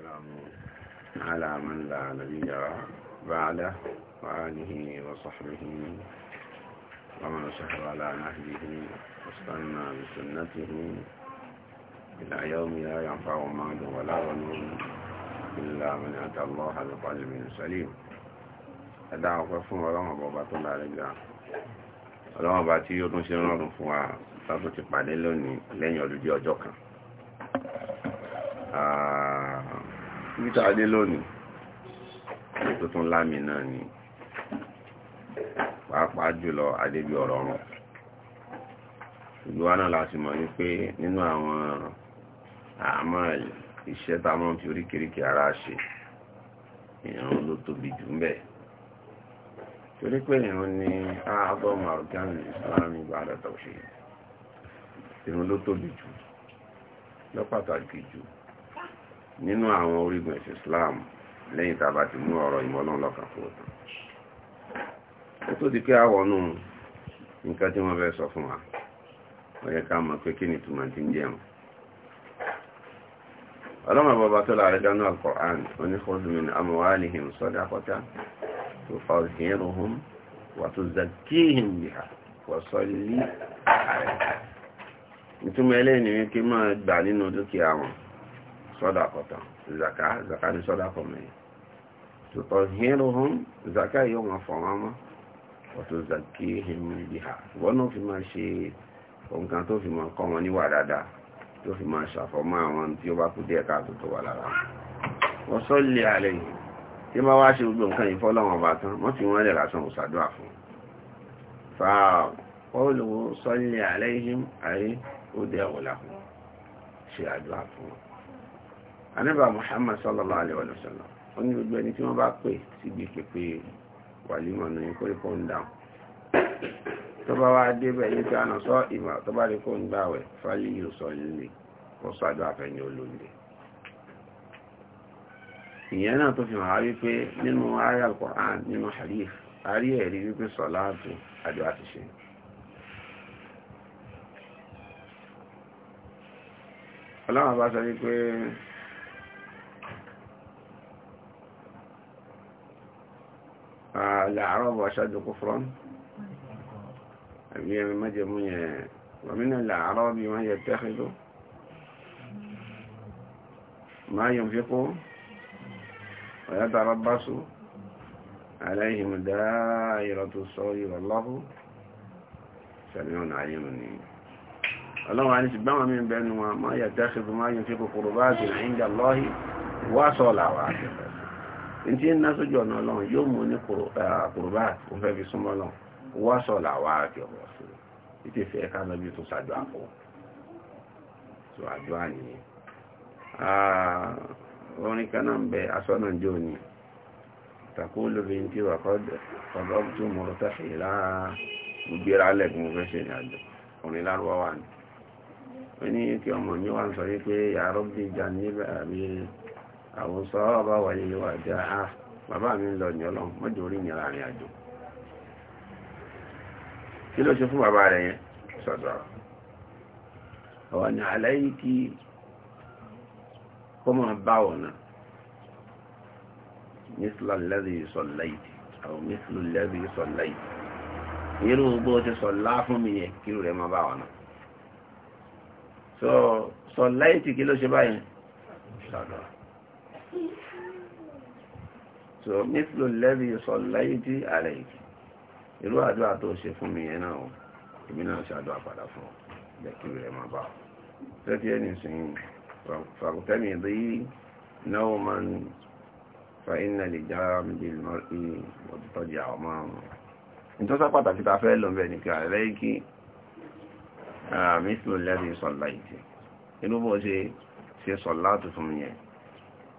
والسلام على من لا نبي بعده وآله وصحبه ومن سهر على نهجه واستنى بسنته إلى يوم لا ينفع مال ولا بنون إلا من أتى الله بقلب سليم ẹ̀dáhùn pẹ́ fún ọlọ́run ọba ọba tó láàrin gbà ọlọ́run tí ó tún ṣe rọrùn fún wa ti pàdé lónìí lẹ́yìn olùdí ọjọ́ kan títà adé lónìí tó tún lámì náà ni pàápàá jùlọ adébí ọ̀rọ̀ ọ̀run ṣùgbọ́n náà láti mọ̀ ní pé nínú àwọn àmọ́ iṣẹ́ tá a mọ̀ fi oríkèéríkèé ara ṣe ìrún ló tóbi jù ń bẹ̀ torí pé ìrún ni ábọ́mù àrùkánì ìsìlámù ìbáradà òṣèlú ìrún ló tóbi jù lọ́pàtàkì jù nínú àwọn orígun ẹ̀sìn Islam lẹ́yìn tá a bá ti mú ọ̀rọ̀ ìmọ̀ Ọlọ́run lọ́kàn fún ọ̀tàn ó tó di pé àwọnú nǹkan tí wọ́n fẹ́ sọ fún wa wọ́n yẹ ká mọ̀ pé kí ni túmọ̀ ti ń jẹun ọlọ́mọ bàbá tó láàrin dánú al-Qur'an oníkọ́sùmí ní amwalihim sadaqatan tutahhiruhum wa tuzakkihim biha wa salli alayhim ìtumọ̀ ẹlẹ́yìn ni wípé máa gbà nínú dúkìá wọn sọ́dàkọ̀tàn zaka zaka ní sọ́dàkọ̀ mẹ́rin tòtọ̀ hẹ́rọ hàn zaka yóò máa fọ̀ wọn mọ́ ọ̀tọ̀ zaki hẹ́mi bí ha wọ́n náà fi máa ṣe nǹkan tó fi máa kọ́ wọn níwà dáadáa tó fi máa ṣàfọ̀mọ́ àwọn tí ó bá kú díẹ̀ káàtó tó wà lára wọn sọ lé alẹ́ yìí tí máa wá ṣe gbogbo nǹkan yìí fọ́lọ́wọn ọba tán wọ́n fi wọ́n lẹ̀ lásán òṣàdúrà fún fáà qawluhu salli alayhim ayé ó dẹ̀ wọ̀ láhùn ṣe àdúrà fún wọn anábà muhammad sallallahu alaihi wa sallam ó ní gbogbo ẹni tí wọ́n bá pè síbi pèpè wàlímọ̀ ní kórìkọ́ ń dáhùn tó bá wá débẹ̀ yìí tí a nà sọ ìmọ̀ tó bá rí kó ń gbàwẹ̀ fálí yóò sọ líle kó sọ́jọ́ àfẹ́yìn olóòlè ìyẹn náà tó fi hàn wáyé pé nínú ayé al nínú hadith a ẹ̀rí wípé sọ̀láàtù àjọ àti ṣe ọlọ́run bá sọ wípé الأعراب أشد كفرا أبي المجمع ومن الأعراب ما يتخذ ما ينفق ويتربص عليهم دائرة الصور والله سميع عليم الله عليه سبحانه من بينهما ما يتخذ ما ينفق قربات عند الله وصلاة وعافية ntí ń ná sójú ọ̀nà ọlọ́run yóò mú ní kùrùbá tó fẹ́ fi súnmọ́ lọ wá sọ̀là wá àti ọ̀rọ̀ sí títí fi ẹ̀ka lọ́bí tó ṣàjọ àpò tó àjọ àníyàn orin kan ń bẹ aṣọ náà تقول بنتي وقد قربت مرتحلا gbogbo alẹ́gùn fẹ́ ṣe ní àjọ ọ̀rin lárúbáwá ni wọ́n ní kí ọmọ mi wá ń sọ yí pé àwọn sọ́ọ́ bá wà yìí wà jẹ́ ah bàbá mi ń lọ ní ọlọ́run mọ́jọ orí ìyẹn láàrin àjò kí ló ṣe fún bàbá rẹ̀ yẹn sọ̀dọ̀ ọ̀wà ní àlẹ́yìí kí kó máa bá ọ̀nà mísìlá lẹ́dí sọ̀láìtì àwọn mísìlú sọ̀láìtì irú bó ti sọ̀lá fún mi yẹn kí rẹ̀ máa bá ọ̀nà sọ̀láìtì kí ló ṣe báyẹn so nífìlò lẹ́bí sọ láyé tí ààrẹ ìkì irú àdúrà tó ṣe fún mi yẹn náà o èmi náà ṣe àdúrà padà fún ọ jẹ́kí rẹ̀ máa bá ọ tẹ́tí ẹni sìn fàkùtẹ́mì rí náà máa ń fa iná lè já mílíọ̀nù mọ́rí ọ̀tọ́jà ọmọ ọmọ ìtọ́sá pàtàkì ta fẹ́ lọ́nbẹ̀ ní kí ààrẹ ìkì mífìlò lẹ́bí sọ láyé bó ṣe ṣe sọ fún mi yẹn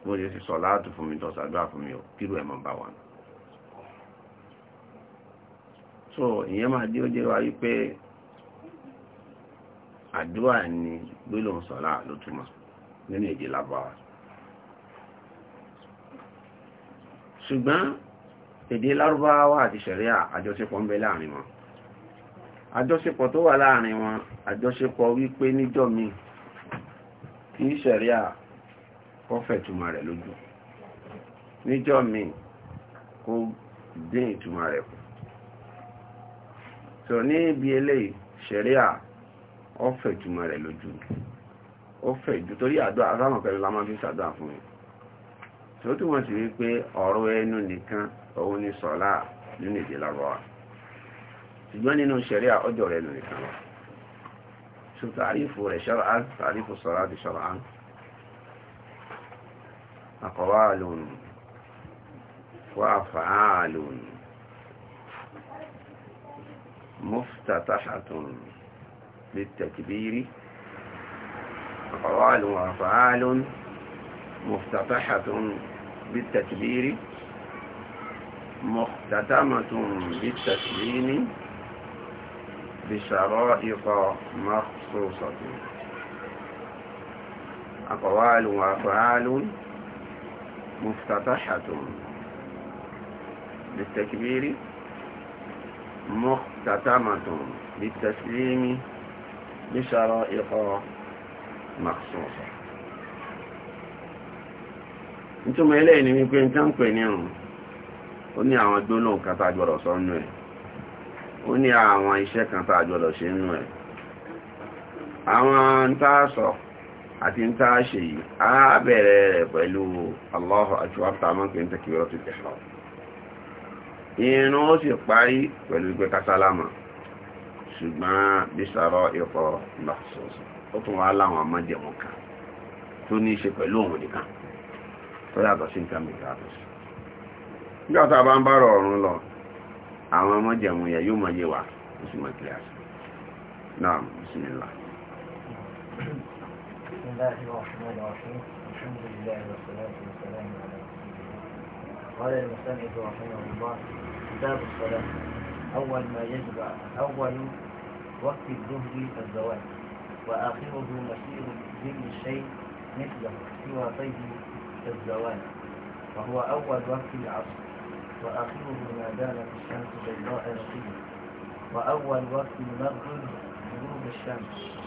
bó ṣe sọ láàtù fún mi tó ṣàdúrà fún mi ò kírù ẹ̀mọ̀ bá wà so ìyẹn máa dé ó jẹ́ wá wípé àdúrà ni gbélòun sọ̀lá ló túmọ̀ nínú èdè lábáwá ṣùgbọ́n èdè lárúbáwá àti ṣẹ̀ríà àjọṣepọ̀ ń bẹ láàrin wọn àjọṣepọ̀ tó wà láàrin wọn àjọṣepọ̀ wípé níjọ́ mi kì í ṣẹ̀ríà kọ́fẹ́ túmọ̀ rẹ̀ lójú níjọ́ mi kó dín ìtumọ̀ rẹ̀ kù sọ ní ibi eléyìí ṣẹ̀ríà ọ̀fẹ́ túmọ̀ rẹ̀ lójú torí àdúrà sáwọn pẹ̀lú lámọ́ fi ṣàdúrà fún mi tó túmọ̀ sí wípé ọ̀rọ̀ ẹnu nìkan òun ni sọ̀lá nínú èdè ṣùgbọ́n nínú ọjọ́ rẹ̀ nìkan tàrífù rẹ̀ ṣọ́rọ̀ tàrífù sọ̀rọ̀ أقوال وأفعال مفتتحة للتكبير أقوال وأفعال مفتتحة بالتكبير مختتمة بالتسليم بشرائط مخصوصة أقوال وأفعال مفتتحة بالتكبير مختتمة بالتسليم بشرائق مخصوصة nítorí eléyìí ni wípé tí a ń pè ní ọ̀run ó o ni gbólóhùn kan tá a gbọ́dọ̀ sọ àti ń táa ṣe yìí a bẹ̀rẹ̀ rẹ̀ pẹ̀lú Allahu akbar tààmọ́ ń tẹ́kìrọ́ ti tẹ̀ṣọ́ ìrún ó sì parí pẹ̀lú ìgbé kásálámà ṣùgbọ́n bí ikọ̀ lọ́sọ̀ọ̀sọ̀ ó tún wá láwọn amájẹ̀mú kan tó ní í ṣe pẹ̀lú òun nìkan tó yàtọ̀ sí nǹkan mi yàtọ̀ sí nígbà tá a bá ń bá ọ̀run lọ àwọn wa ó sì mọ̀ náà الله الرحمن الرحيم الحمد لله والصلاة والسلام على رسول الله قال المسند رحمه الله كتاب الصلاة أول ما يجب أول وقت الظهر الزواج وآخره مسير ذل الشيء مثله سوى طيب الزوال وهو أول وقت العصر وآخره ما دامت الشمس بيضاء نقية وأول وقت المغرب غروب الشمس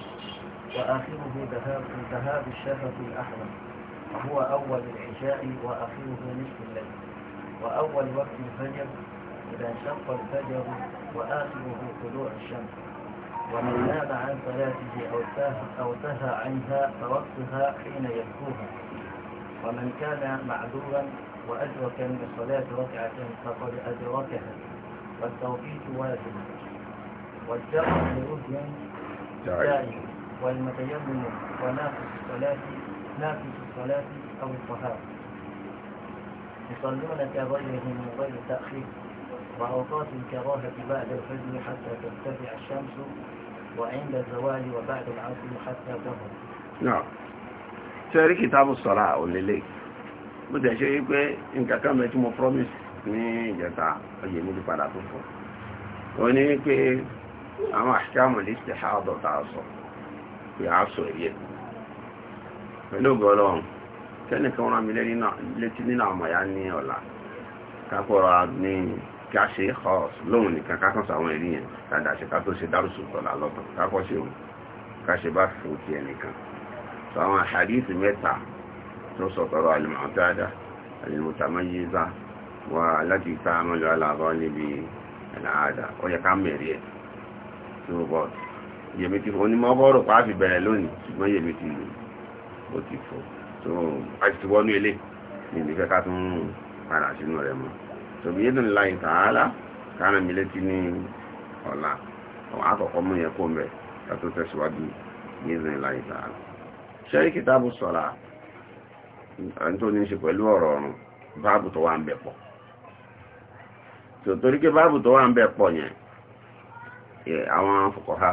وآخره ذهاب, ذهاب الشفق الأحمر وهو أول العشاء وآخره نصف الليل وأول وقت الفجر إذا شق الفجر وآخره طلوع الشمس ومن نام عن صلاته أو تاه أو تهى عنها فوقتها حين يبكوها ومن كان معذورا وأدرك من صلاة ركعة فقد أدركها والتوقيت واجب والجمع لرجل دائم والمتيمم وناقص الصلاة ناقص الصلاة أو الطهارة يصلون كغيرهم من غير تأخير وأوقات الكراهة بعد الفجر حتى ترتفع الشمس وعند الزوال وبعد العصر حتى تظهر نعم شاري كتاب الصلاة òlélẹ̀ لي tẹ̀ ṣe wípé nǹkan kan mẹ́tí mo promise ní ìjẹta ọjọ́ ìmúdí padà tó fún ọ ní wípé àwọn pé a sọ rí ẹ̀ pẹ̀lú ọgọ́lọ́run kẹ́nìkan rán mi létí nínú àwọn ọ̀yá ní ọ̀la kápọ̀rọ̀ ní kí a ṣe ọ̀s lóhun nìkan kákan sàwọn èrí yẹn kàdà ṣe ká tó ṣe dárúsù tọ̀là lọ́tàn kápọ̀ ṣe òun ká ṣe bá fò ẹnìkan sọ àwọn àṣàdíìsì mẹ́ta tó sọ̀tọ̀rọ̀ àlùmọ̀tàdà àlùmọ̀tàmọ́yéza wà láti ta mọ́lẹ̀ aláàbọ̀ níbi ẹ̀nà àdà ó yẹ ká mẹ̀rí ẹ̀ tó bọ́ọ̀tù yèmítì fún onímọ̀bọ̀rọ̀ pàáfi bẹ̀rẹ̀ lónìí ṣùgbọ́n yèmítì ó ti fò tó a ti wọ́nú ilé níbi kẹ́kà tún padà sínú rẹ̀ mọ́ tòbí yédùn láì tààlà kárán mi létí ní ọ̀la àwọn àkọ́kọ́ mú yẹn kó mẹ́ ká tó tẹ̀síwájú yédùn láì tààlà ṣẹ́rí kìtàbù sọ̀rọ̀ àwọn tó ní ṣe pẹ̀lú ọ̀rọ̀ ọ̀run báàbù tó wà ń bẹ̀ pọ̀ tòtórí pé báàbù tó wà ń bẹ̀ pọ̀ yẹn àwọn fòkọ̀há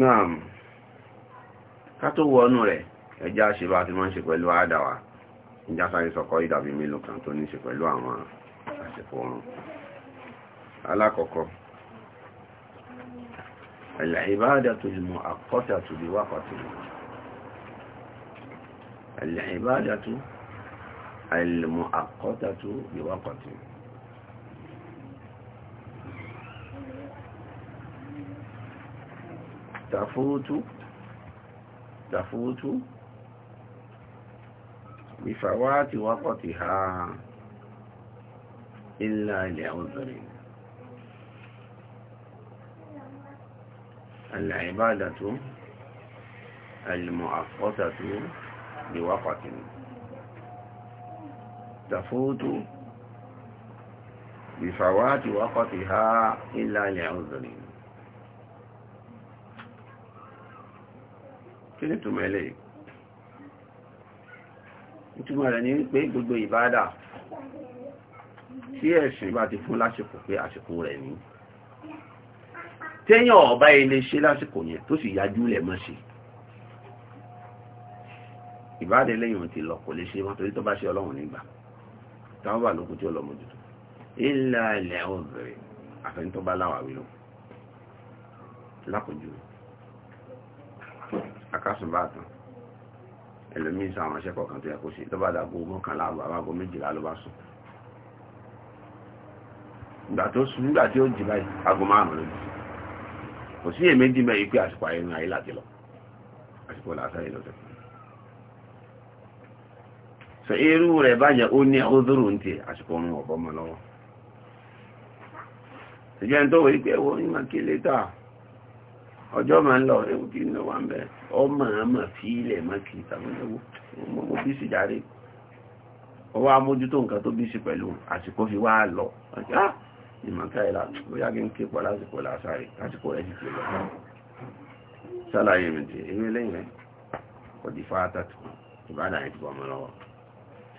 náà ká tó wọ ọnù rẹ̀ ẹjá ṣe bá ti máa ń ṣe pẹ̀lú àdáwà ìjá sáré sọkọ ìdàbí mélòó kan tó ní ṣe pẹ̀lú àwọn àṣẹfò ọrùn alákọ̀ọ́kọ́ العبادة المؤقتة بوقت العبادة المؤقتة تفوت تفوت بفوات وقتها إلا لعذر العبادة المؤقتة بوقت تفوت بفوات وقتها إلا لعذر kí ní túnmọ̀ ẹlẹ́ ìtumọ̀ rẹ̀ ní wípé gbogbo ìbádà tí ẹ̀sìn bá ti fún lásìkò pé àsìkò rẹ̀ ní téèyàn ọba ilé ṣe lásìkò yẹn tó sì yájú lẹ̀ mọ́ sí ìbádà lẹ́yìn ti lọ kò lè ṣe wọn torí tó bá ṣe ọlọ́run nígbà táwọn wà lókun tí ó lọ mójútó ilẹ̀ ilẹ̀ ọ̀bẹ̀rẹ̀ àfẹ́ntọ́bá láwàwí lọ lápòjú rẹ̀ akásùnbàtàn ẹlòmíín sọ àwọn aṣẹ́kọ̀ọ́ kan tó yẹ kó sí ló bá dàgbò mọ́kànlá àbọ̀ méjìlá ló bá sùn ìgbà tó sùn nígbà tí ó jì aago márùn-ún lójú kò sí èméjì mẹ́rin pé àsìkò ayé náà ayé láti lọ àsìkò làásàyè lọ́tẹ̀ sọ irú rẹ̀ báyẹn ó ní ọdúró nte àsìkò ọmọ ọ̀bọ lọ́wọ́ tó ọjọ́ máa ń lọ ewu kí ní wà ń bẹ ọmọ àmà fi ilẹ̀ má kì tàbílẹ̀wò mo bí sí járe ọwọ́ amójútó nǹkan tó bí sí pẹ̀lú àsìkò fi wá lọ ọjọ́ ìmọ̀ká ah! ìlà kí n ké lásìkò lásàrí lásìkò rẹ̀ lọ sálàyé mi ti ewé lẹ́yìn kò di fáátà tó ìbádà yẹn ti bọ̀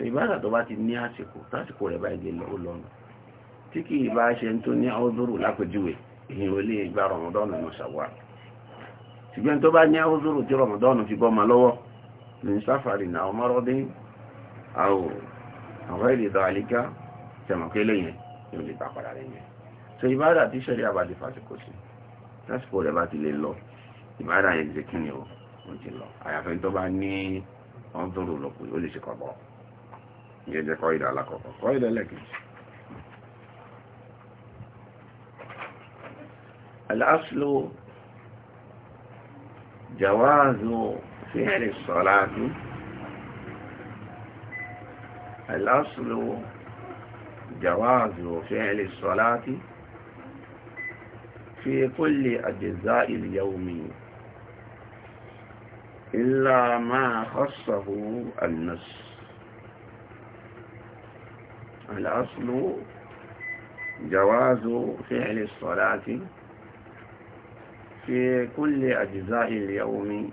ìbádà tó bá ti ní àsìkò tásìkò rẹ̀ lọ́wọ́ lọ́nà tí kì í bá ṣe ń tó ní lápèjúwe ìhìn olè ṣùgbọ́n tó bá ní àwòzòrò tí rọmọdọ́nù fi bọ́ ma lọ́wọ́ ní sáfàrì náà ọmọrọ́dín àwò àwọn ìrìdọ̀ àlíká tẹ̀mọ̀kẹ́ lẹ́yìn yóò lè bá padà lẹ́yìn so ìbára tí sẹ́rí àbájẹ fásitì sí lásìkò rẹ̀ bá ti lè lọ ìbára yẹn ti kí ni o ó ti lọ àyàfẹ́ tó bá ní جواز فعل الصلاة الأصل جواز فعل الصلاة في كل أجزاء اليوم إلا ما خصه النص الأصل جواز فعل الصلاة في كل أجزاء اليوم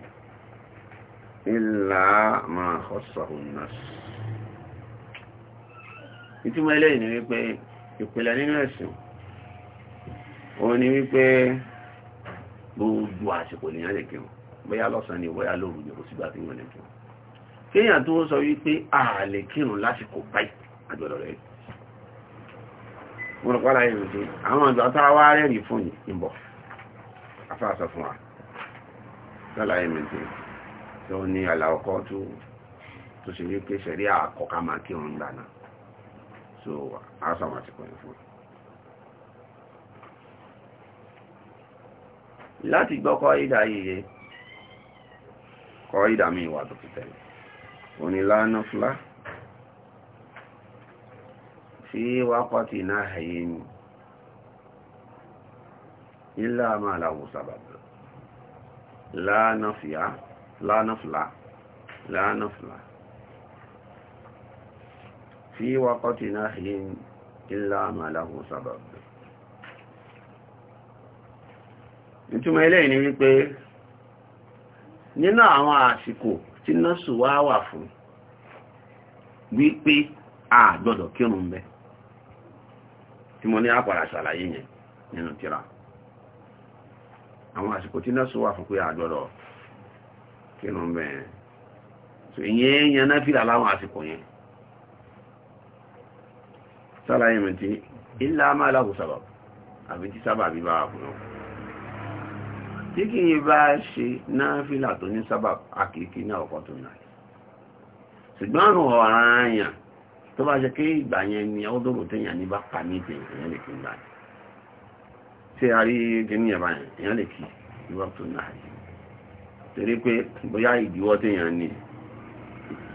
إلا ما خصه النص ìtumọ̀ eléyìí ni wípé ìpìlẹ̀ nínú ẹ̀sìn òun ni wípé gbogbo àsìkò ní ẹ̀rẹ̀ kí wọn bóyá lọ́sàn ni bóyá lóru ní kò sígbà tí wọ́n lè kí wọn kéèyàn tó sọ wípé ààlè kírun lásìkò báyìí àjọ̀dọ̀ rẹ̀ mo rọ̀ pàdà yìí àwọn àjọ tá wá rẹ́rìí fún yìí ń bọ̀ afáàsọ fún wa lálàyé méje tí ó ní àlàọkọ́ tó tó ṣe ní pé ṣẹ̀rí àkọ́ká máa kí òun gbà náà so aṣọ àti pẹ̀lú fún láti gbọ́ kọ́ ìdá yìí kọ́ ìdá mi wà tó tẹ̀lé onílànà fúlá fi wákọ́ ti náà ẹ̀yẹ́ ni إلا ما له سبب لا نفيا لا نفلا لا نفلا في وقت نهي إلا ما له سبب ìtumọ̀ eléyìí ni wípé nínú àwọn àsìkò tí nọ́ọ̀sù wá wà fún wípé a gbọ́dọ̀ kírun ń tí mo ní àpàrà ṣàlàyé yẹn nínú tíra àwọn àsìkò tí náà sọ́wà fún pé àjọ́rọ̀ kínú mẹ́rin so ìyẹn yẹn náà fìlà láwọn àsìkò yẹn sálàyé mi tí ilá máa láhù sábà àbí tí sábà bí bá fún ọ́n tí kì í bá ṣe náà fìlà tó ní sábà àkìkí náà ọkọ̀ tó náà ṣùgbọ́n àrùn ọ̀ràn àyàn tó bá ṣe pé ìgbà yẹn ni ọdún tẹ̀yàn tí a rí gẹ́mí ẹ̀bá èèyàn lè kí ìwọ́n tó náà yìí torí pé bóyá ìdíwọ́ tí èèyàn ní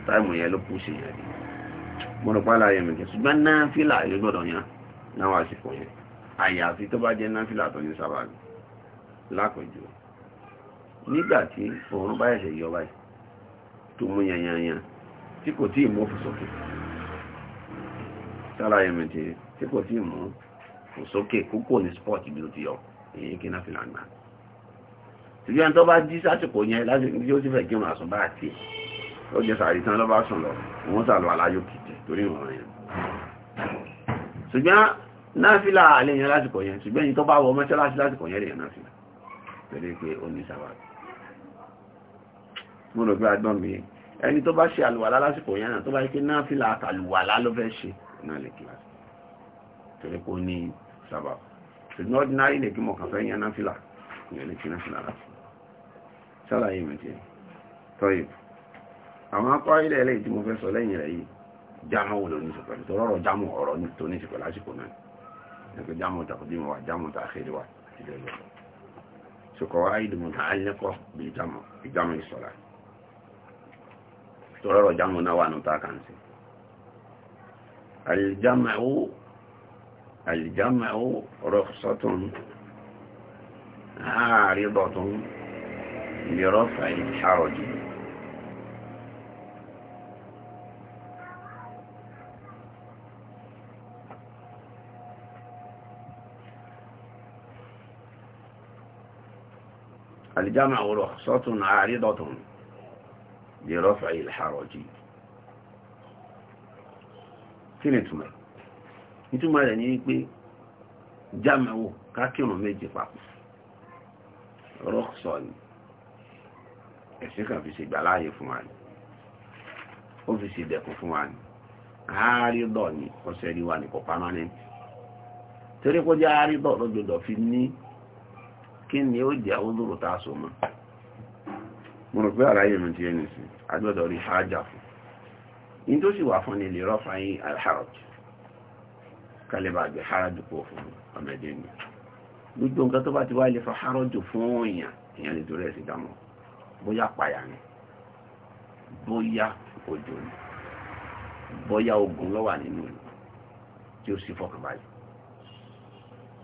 táìmù yẹn ló pùsì yẹn rí mo rò pálá yẹn mẹ́kẹ́ ṣùgbọ́n náfìlà yóò gbọ́dọ̀ yẹn náà àsìkò yẹn àyàfi tó bá jẹ́ náfìlà tó ní sábàbí lápẹjù nígbà tí òun bá ẹ̀ṣẹ̀ yọ báyìí tó mú yanyanyan tí kò tí ì mú fòsòkè sára yẹn mẹ́kẹ́ tí kò tí ì mú fò sókè kókò ní sport bí ó ti yọ èyí kí náà fi là ń gbà tìbí ẹni tó bá jí sásìkò yẹn lásìkò tí ó ti fẹ́ kírun àsùn bá àti ó jẹ sàárì tán lọ bá sùn lọ òun sàlọ aláyò kìtì torí ìwọ̀n yẹn ṣùgbọ́n náfìlà àlẹ́ yẹn lásìkò yẹn ṣùgbọ́n ẹni tó bá wọ mọ́ṣáláṣí lásìkò yẹn lèyàn náfìlà pẹ̀lú pé ó ní sábà mo rò pé agbọ́n mi ẹni tó bá ṣe àlùwàlá lásìkò yẹn náà tó bá yẹ pé náfìlà àtàlùwàlá ló fẹ́ ṣe náà lè kíláàsì torí kó ní sábà ṣùgbọ́n ordinary lè kí mọ̀ kàn fẹ́ yẹn náfìlà ìyẹn lè kí náfìlà láti ṣàlàyé mi tiẹ̀ tọ́yì àwọn akọ́ ilẹ̀ ẹlẹ́yìn tí mo fẹ́ sọ lẹ́yìn rẹ̀ yìí jámọ́ wo ló ní ṣe pẹ̀lú tọ́rọ̀ jámọ́ ọ̀rọ̀ tó ní ṣe pẹ̀lú àsìkò náà ẹgbẹ́ jámọ́ tàkùdímọ̀ wà الجمع رخصة عارضة لرفع الحرج الجمع رخصة عارضة لرفع الحرج كنتم ìtumọ̀ rẹ̀ ní wípé jámẹ̀wò kákìrùn méjì papọ̀ rọ́ọ̀sọ̀ ni ẹ̀sìn kan fi ṣègbà láàyè fún wa ni ó fi ṣèdẹ̀kùn fún wa ni àárídọ̀ ni ọ̀sẹ̀ rí wa ní kò pámánẹ́ǹtì torí kó jẹ́ àárídọ̀ lójoojọ́ fi ní kí ni ó jẹ́ olóró tá a so mọ́ mo rò pé àlàyé mi ti ẹni sí agbọ́dọ̀ rí hájà fún in tó sì wà fún ni lè rọ́fà yín alharaj kálẹ̀bà àgbẹ̀ háràjù pọ̀ fún ọmọdé ni gbogbo nǹkan tó bá ti wá ilé fún háràjù fún èèyàn èèyàn lè torí ẹ̀sìn dámọ̀ bóyá payà ni bóyá òjò ni bóyá ogun lọ́wà nínú ni tí ó sì fọkànbalẹ̀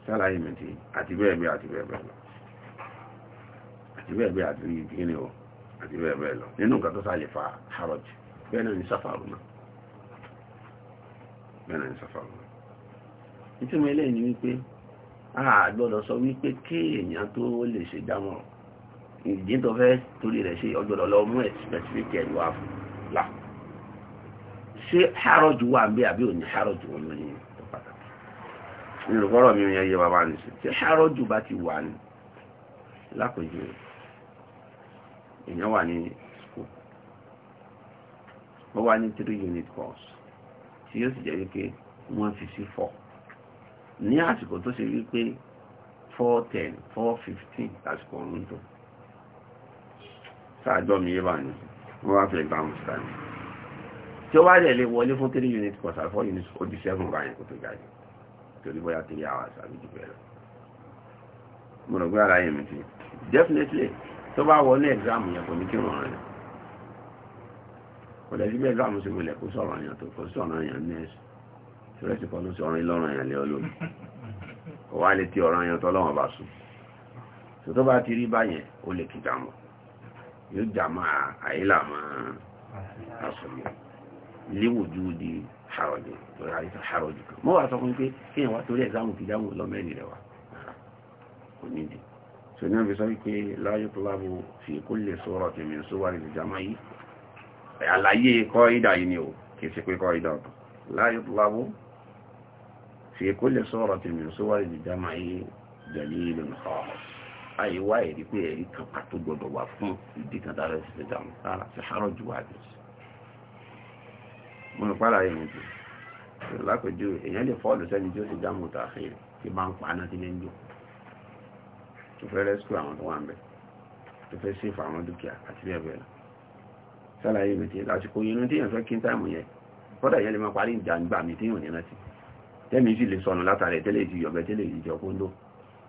sálàyé mi ti àti bẹ́ẹ̀ bẹ́ẹ̀ àti bẹ́ẹ̀ bẹ́ẹ̀ lọ àti bẹ́ẹ̀ bẹ́ẹ̀ àti kíni o àti bẹ́ẹ̀ bẹ́ẹ̀ lọ nínú nǹkan tó sá fa háràjù bẹ́ẹ̀ náà ni sáfàrù náà bẹ́ẹ̀ náà ni sáfàrù náà ìtumọ̀ ilé ni wípé a gbọ́dọ̀ sọ wípé kí èèyàn tó lè ṣe dámọ̀ ìdí tó fẹ́ torí rẹ̀ ṣe ọgbọ́dọ̀ lọ mú ẹ̀sìpẹ̀sìpẹ̀kì ẹ̀lú àfò là ṣé hárọ̀jù wà ń bẹ àbí òní hárọ̀jù wọn lórí pàtàkì nínú kọ́rọ̀ mi yẹn yẹ bàbá mi sí ṣé hárọ̀jù bá ti wà ní lápèjú èèyàn wà ní school wọ́n wá ní three unit course tí yóò sì jẹ́ wípé wọ́n fi sí four ní àsìkò tó ṣe wípé 410 415 àsìkò ọ̀run tó sáàjọ́ mi yé bá ní wọ́n wá fẹ́ gbà wọn síta ní tí ó wá rẹ̀ lè wọlé fún 3 units kọ̀sà 4 units ó di 7 báyìí kò tó jáde torí bóyá 3 hours àbí jù bẹ́ẹ̀ lọ mo rò pé ara yẹn mi ti definitely tó bá wọlé exam yẹn kò ní kí wọ́n rẹ̀ kò lẹ́sí bí exam ṣe wọlé kó sọ̀rọ̀ yẹn tó kó sọ̀rọ̀ yẹn nẹ́ẹ̀sì ṣúrẹ́sì kan ló sí ọ̀rìn lọ́rùn èèyàn lé olóòrùn kò wá lè tí ọ̀rọ̀ èèyàn tọ́lọ́wọ̀n bá sùn tó tó bá ti rí báyẹn ó lè kí jàmọ̀ yóò jàmọ̀ àìlà mọ́ àṣọyọ léwòjú di harọ̀jù tó yà àìsàn harọ̀jù kan mọ́ wàá sọ fún pé kí èèyàn wá torí ẹ̀sáàmù ti jáwò lọ́mẹ́ni rẹ̀ láyé tó في كل صورة من صور الجمع دليل خاص أي واحد يكون يريد قطو قد وفن يديك دارس الجمع أنا في حرج واحد من قال أيام lápẹjú èèyàn lè fọ́ọ̀lù sẹ́ni tí ó ti dámù tààfin tí bá ń pa aná tí lè ń jò tó fẹ́ rẹ́síkù àwọn tó wà ń bẹ̀ tó fẹ́ sí àwọn dúkìá àti bẹ́ẹ̀ bẹ́ẹ̀ lọ sálàyé mi tí lásìkò yìí ní tí èèyàn fẹ́ kí ń táìmù yẹn kọ́dà yẹn lè máa parí ìjà nígbà mi tí èèyàn ní rántí tẹ́mi sì lè sọnù látàrí tẹ́lẹ̀ ìtì yọ̀bẹ tẹ́lẹ̀ ìjọ kóńdó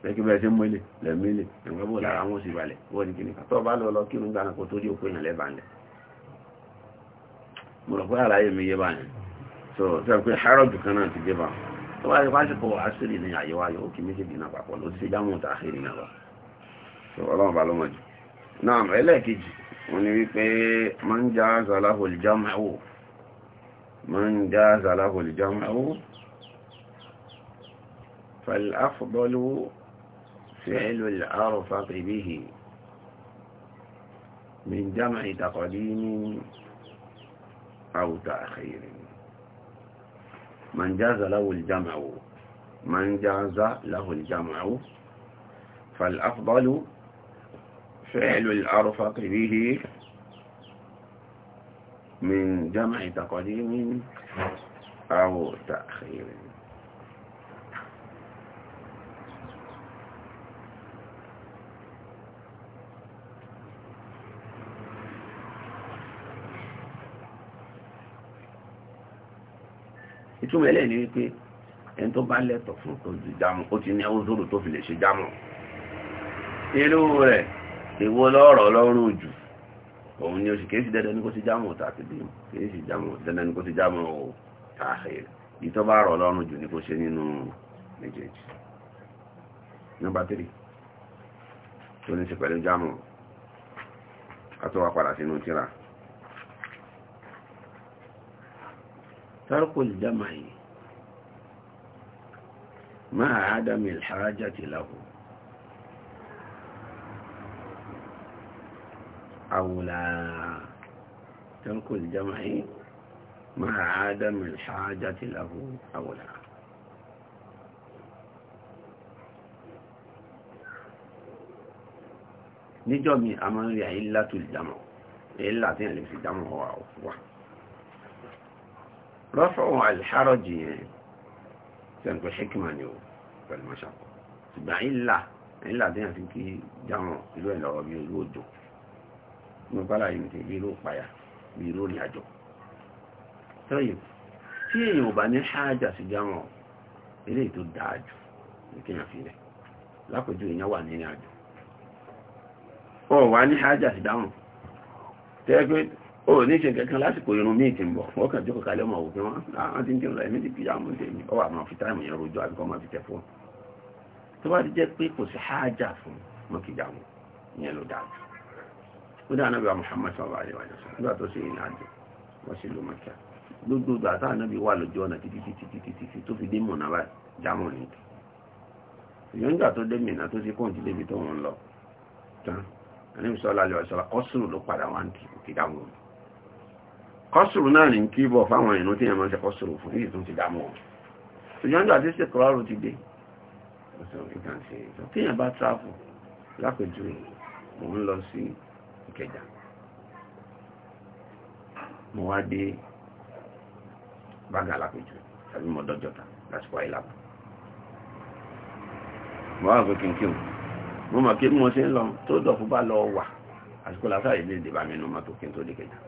lẹ́kí bẹ́ẹ̀ sí mọ́lẹ̀ lẹ́mílẹ̀ ìwọ́n bò lára wọn sì balẹ̀ wọ́n di kìnnìkan tó bá lọ lọ kí n gbàna kó tó so ṣe pé harrods kan náà ti dé bá tó bá yẹ pásítọ̀ àṣírí ní àyẹ̀wò ayọ̀ òkè méjèèjì so ọlọ́run bá ló mọ̀ jù náà ẹlẹ́ẹ̀kejì wọ́n ní wípé máa ń já zalahu ìjámáwò máa فالأفضل نعم. فعل الأرفق به من جمع تقديم أو تأخير من جاز له الجمع من جاز له الجمع فالأفضل فعل الأرفق به من جمع تقديم أو تأخير ìtumọ̀ ẹlẹ́ ni wípé ẹni tó bá lẹ́tọ̀ fún tọ́jú jámù ó ti ní ọ́zọ́rò tó fi lè ṣe jámù irú rẹ̀ èwo lọ́rọ̀ lọ́rùn jù òun ni oṣù kéèsì dandan ní kó sí jámù tàbí kéèsì jámù dandan ní kó sí jámù tààrẹ̀ ìtọ́ bá rọ̀ lọ́rùn jù ní kó ṣe nínú méjèèjì nọ́mbà tírì tó ní ṣe pẹ̀lú jámù àtọwà padà sínú tíra ترك الجمع مع عدم الحاجة له أو لا ترك الجمع مع عدم الحاجة له أو لا níjọ́ mi a máa ń rí àìlá tó ìdámọ̀ rọ́fọ̀ alìṣàrọ̀jì yẹn sẹ́nkọ̀ ṣíkìmà ni ó pẹ̀lú mọ́ṣàkọ̀ ìgbà ńlá ńlá dẹ́yàn fi kí jáwọn ìlú ẹ̀ lọ́rọ̀ bí olú òjò ní bala yìí ti bí ìlú payà bí ìlú ní àjọ tọ́yì tí èèyàn ò bá ní ṣáájà sí jáwọn ilé ètò dáa jù ní kéèyàn fi rẹ̀ lápẹjù èèyàn wà nínú àjọ ọ̀ wá ní ṣáájà sí dáhùn tẹ́gbẹ́ ó ní ṣe kankan lásìkò irun míì ti ń bọ̀ wọ́n kàn jókòó kalẹ̀ ọmọ òfin wọn àwọn ah, tí ń kírun láì méjì kìyà mú tèmi ọ wà máa fi táìmù yẹn rojọ́ àbíkọ́ máa fi tẹ̀ tó bá ti jẹ́ pé kò sí hájà fún mọ́ wa Muhammad sallallahu alaihi wa sallam nígbà tó ṣe ìrìn àjò wọ́n sì gbogbo ìgbà táà náà bí wà lójú ọ̀nà kọ́sùrù náà ní kí bọ̀ fáwọn ìrún tí ẹmọ́ ṣe kọ́sùrù fún ìyí tó ti dámọ́ ṣùgbọ́n àti ṣe kọ́rọ̀rù ti dé tí èèyàn bá tráfù lápẹjú mò ń lọ sí Ìkẹjà mo wá dé bága lápẹjú tàbí mo dọ́jọ́ta lásìkò àìlàpù mo wá gbé kí mo mọ̀ kí mo ṣe ń lọ tó dọ̀fú bá lọ wà àsìkò lásàrè lè dìbà mẹ́nu mọ́tò kí n tó dé Ìkẹjà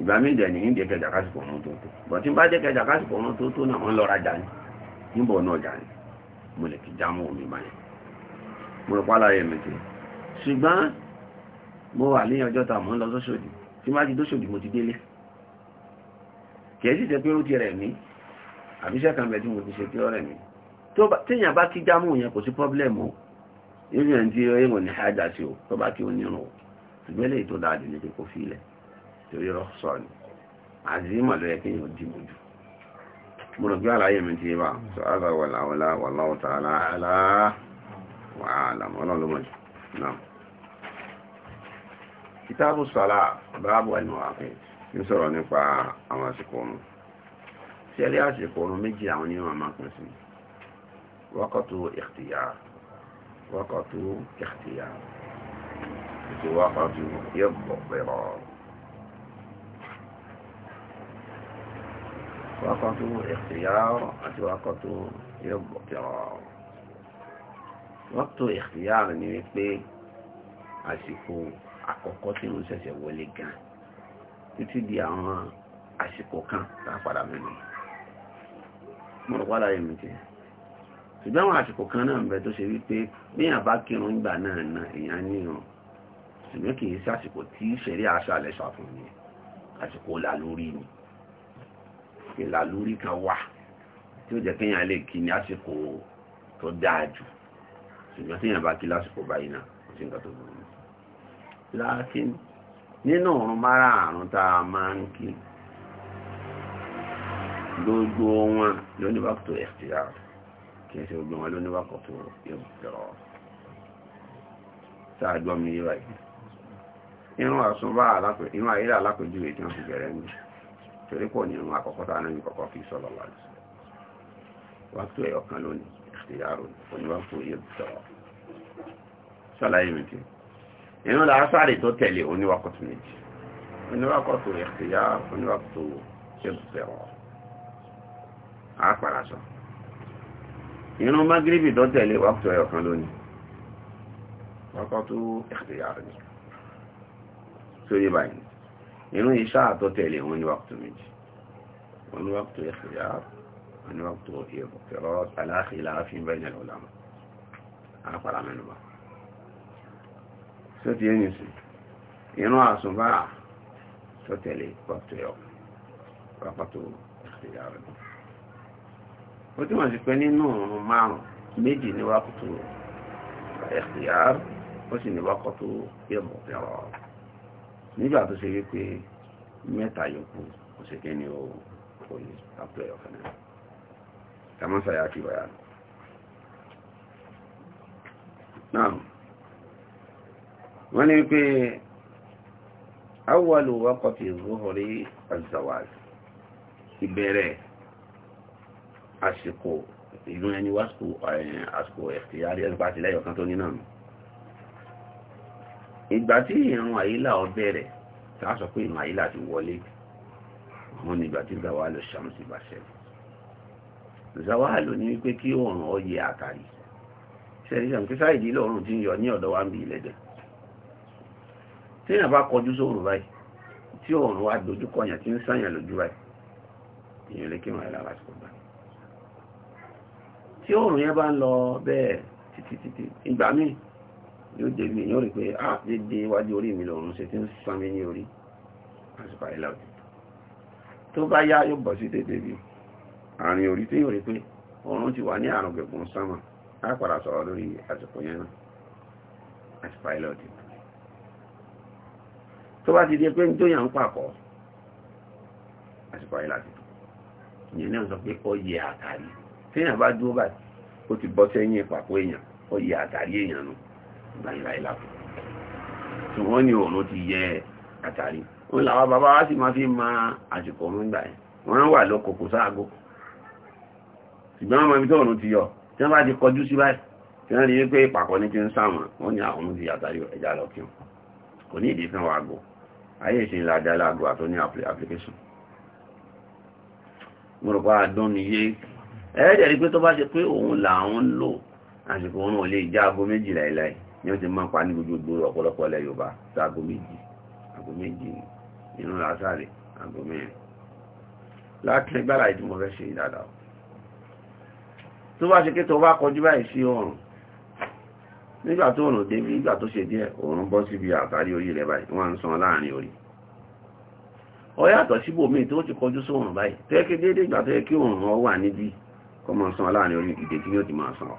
ìgbà mí ìdẹ̀ ní ìdẹ̀ kẹjà kásìkò ọ̀run tó tó bọ̀ tí bá jẹ́ kẹjà kásìkò ọ̀run tó tó náà wọ́n lọ rajà ní níbọ̀ náà jà ní mo lè kí jámọ́ omi máa yẹn mo rò pálá yẹn mẹ́tẹ́ ṣùgbọ́n mo wà ní ọjọ́ ta mo ń lọ sọ́sọ́dì tí má ti dóṣòdì mo ti délé kìí sì jẹ́ pé ó ti rẹ̀ mí àbíṣẹ́ kan bẹ̀ tí mo ti ṣe kí ó rẹ̀ mí téèyàn bá kí jámọ́ yẹn kò sí pọ́blẹ́mù o ìrìn àti ẹ̀wọ̀n torí rọ́sọ ni àzímọ̀ lọ́yẹ kí yóò dìbò jù mo rò pé àlàyé mi ti bá sọ àgbà wàlà wàlà wàlà ọ̀tà àlà wàhálà mọ́lá ló mọ̀ jù náà kìtàbù sọ́lá báàbù ẹnu àpẹ ń sọ̀rọ̀ nípa àwọn pẹ̀rọ̀ wákọ̀tù ikhtiyar àti wákọ̀tù yọ̀bọ̀tẹ̀rọ̀ wákọ̀tù ikhtiyar ni wípé àsìkò àkọ́kọ́ tí mo ṣẹ̀ṣẹ̀ wọlé gan títí di àwọn àsìkò kan tá a padà mẹ́lẹ̀ mo rọ̀ wálá yẹn mi tẹ́ ṣùgbọ́n àwọn àsìkò kan náà ń bẹ tó ṣe wípé bíyàn bá kírun ìgbà náà náà èèyàn nírun ṣùgbọ́n kì í ṣe tí ìṣẹ̀rí àṣà lẹ́ṣà fún mi àsìkò là lórí mi ìlà lórí kan wà tí ó jẹ́ kéèyàn lè kí ní àsìkò tó dáa jù ṣùgbọ́n tí èèyàn bá kí lásìkò báyìí náà kò sí nǹkan tó burú láàkín nínú ọ̀run márààrún tá a máa ń kí gbogbo wọn lóníwàkùtò ẹ̀fìyà kì í ṣe gbogbo wọn lóníwàkùtò ẹ̀fìyà sáà gbọ́ mi yíra irun àsùnbà irun àyílà alápèjúwe tí wọ́n fi bẹ̀rẹ̀ ní torí pọ̀ ní àwọn àkọ́kọ́ tó anáyìn kọ́kọ́ kí sọ́lọ̀ wà lọ́sọ̀ wà tó ẹ̀yọ̀ kan lónìí ìṣẹ̀yàrò oníwà fún iye sọ̀rọ̀ sọ́láyé mi ti inú la sáré tó tẹ̀lé oníwàkọ̀tù méjì oníwàkọ̀tù ìṣẹ̀yàrò oníwàkọ̀tù iye báyìí irun iṣá àtọ́ tẹ̀lé wọn ní wàkùtù méjì wọn ní wàkùtù ẹ̀fẹ̀yà wọn ní wàkùtù ìrọ̀ aláàkìlá fi ń bẹ́ẹ̀ lọ́lámà àpàrà mẹ́nuba tó ti ẹni sí irun àsùnbà tó tẹ̀lé wàkùtù ẹ̀ wàkùtù ẹ̀fẹ̀yà rẹ̀ ó túmọ̀ sí pé nínú ọ̀run márùn-ún méjì ní wàkùtù ẹ̀fẹ̀yà ó sì ní wàkùtù ìrọ̀ nígbà tó ṣe wípé mẹ́ta yòókù kò ṣe kéni o kò lè apply ọ̀kan náà kàmọ́sà yá kí wáyà náà wọ́n ní wípé awwalu waqti zuhri az-zawal ìbẹ̀rẹ̀ àsìkò ìlú ẹni wásìkò àsìkò ẹ̀fìyàrí ẹni pàtìlẹ́yọ̀ kan tó ní ìgbà tí ìrun àyílà tí a sọ pé àyílà ti wọlé wọn ni ìgbà tí zawaalo ṣàmùsì bá ṣẹlẹ̀ zawaalo ní wípé kí ọ àtàrí ṣẹlẹ̀ kí sáà ìdílé oòrùn ti ń yọ ní ọ̀dọ̀ wa ń bi ìlẹ̀dẹ̀ tí èèyàn bá kọjú sóòrùn báyìí tí oòrùn wa dojú kọyàn tí ń sàyàn lójú báyìí lè bá lọ bẹ́ẹ̀ títí yóò jẹ́ bí èyàn rí pé á ah, dédé iwájú orí mi lòrùn ṣe tí ń sánmi ní orí àṣìpá ilẹ̀ òjò tó bá yá yóò bọ̀ sí dédé bí àárín orí tí yóò rí pé ọ̀run ti wà ní àrùn gbẹ̀gbọ̀n sánmà á padà sọ̀rọ̀ lórí àsìkò yẹn náà àṣìpá ilẹ̀ òjò tó bá ti di pé ń tó yàn ń pàkọ́ àṣìpá ilẹ̀ òjò ìyẹn náà sọ pé ọyẹ àtàrí tí èèyàn bá dúró báyìí ó ti bọ́ sẹ́yìn pàpọ̀ èèyàn ọyẹ àtàrí èèyàn náà láìláìlá ṣùgbọ́n ní òòrùn ti yẹ àtàrí wọ́n làwọn bàbá wá sì máa fi ma àsìkò òun gbà ẹ̀ wọ́n wà lọ kòkò sáàgó ṣùgbọ́n wọ́n máa fi tóòrùn ti yọ tí wọ́n bá ti kọjú sí báyìí tí wọ́n rí wípé ìpàkọ́ ní ti ń sáwọn wọ́n ní àwọn ah, ti àtàrí ẹja lọ kí wọn kò ní ìdí fún àgọ́ ayé ìṣẹ̀lẹ̀ ládá lágọ́ àtọ́ ní application mo rò pa àdán mi yé já aago méjì láìláì ní ó ti máa ń pa ní gbogbo ọ̀pọ̀lọpọ̀ ilẹ̀ Yorùbá sáàgó méjì àgó méjì nínú lásàrè àgó mẹ́rin láti gbára ìdí mo fẹ́ ṣe dáadáa tó bá ṣe ké tó bá kọjú báyìí sí oòrùn nígbà tó oòrùn débi nígbà tó ṣe díẹ̀ oòrùn bọ́ síbi àtàrí orí rẹ̀ báyìí wọ́n ń san láàrin orí ọ yàtọ̀ síbòmíì tó ti kọjú sóòrùn báyìí tó yẹ kí déédéé ìgbà tó yẹ kí oòrùn ọ wà níbi kọ́ máa san láàrin orí ìdè tí yóò ti máa san ọ́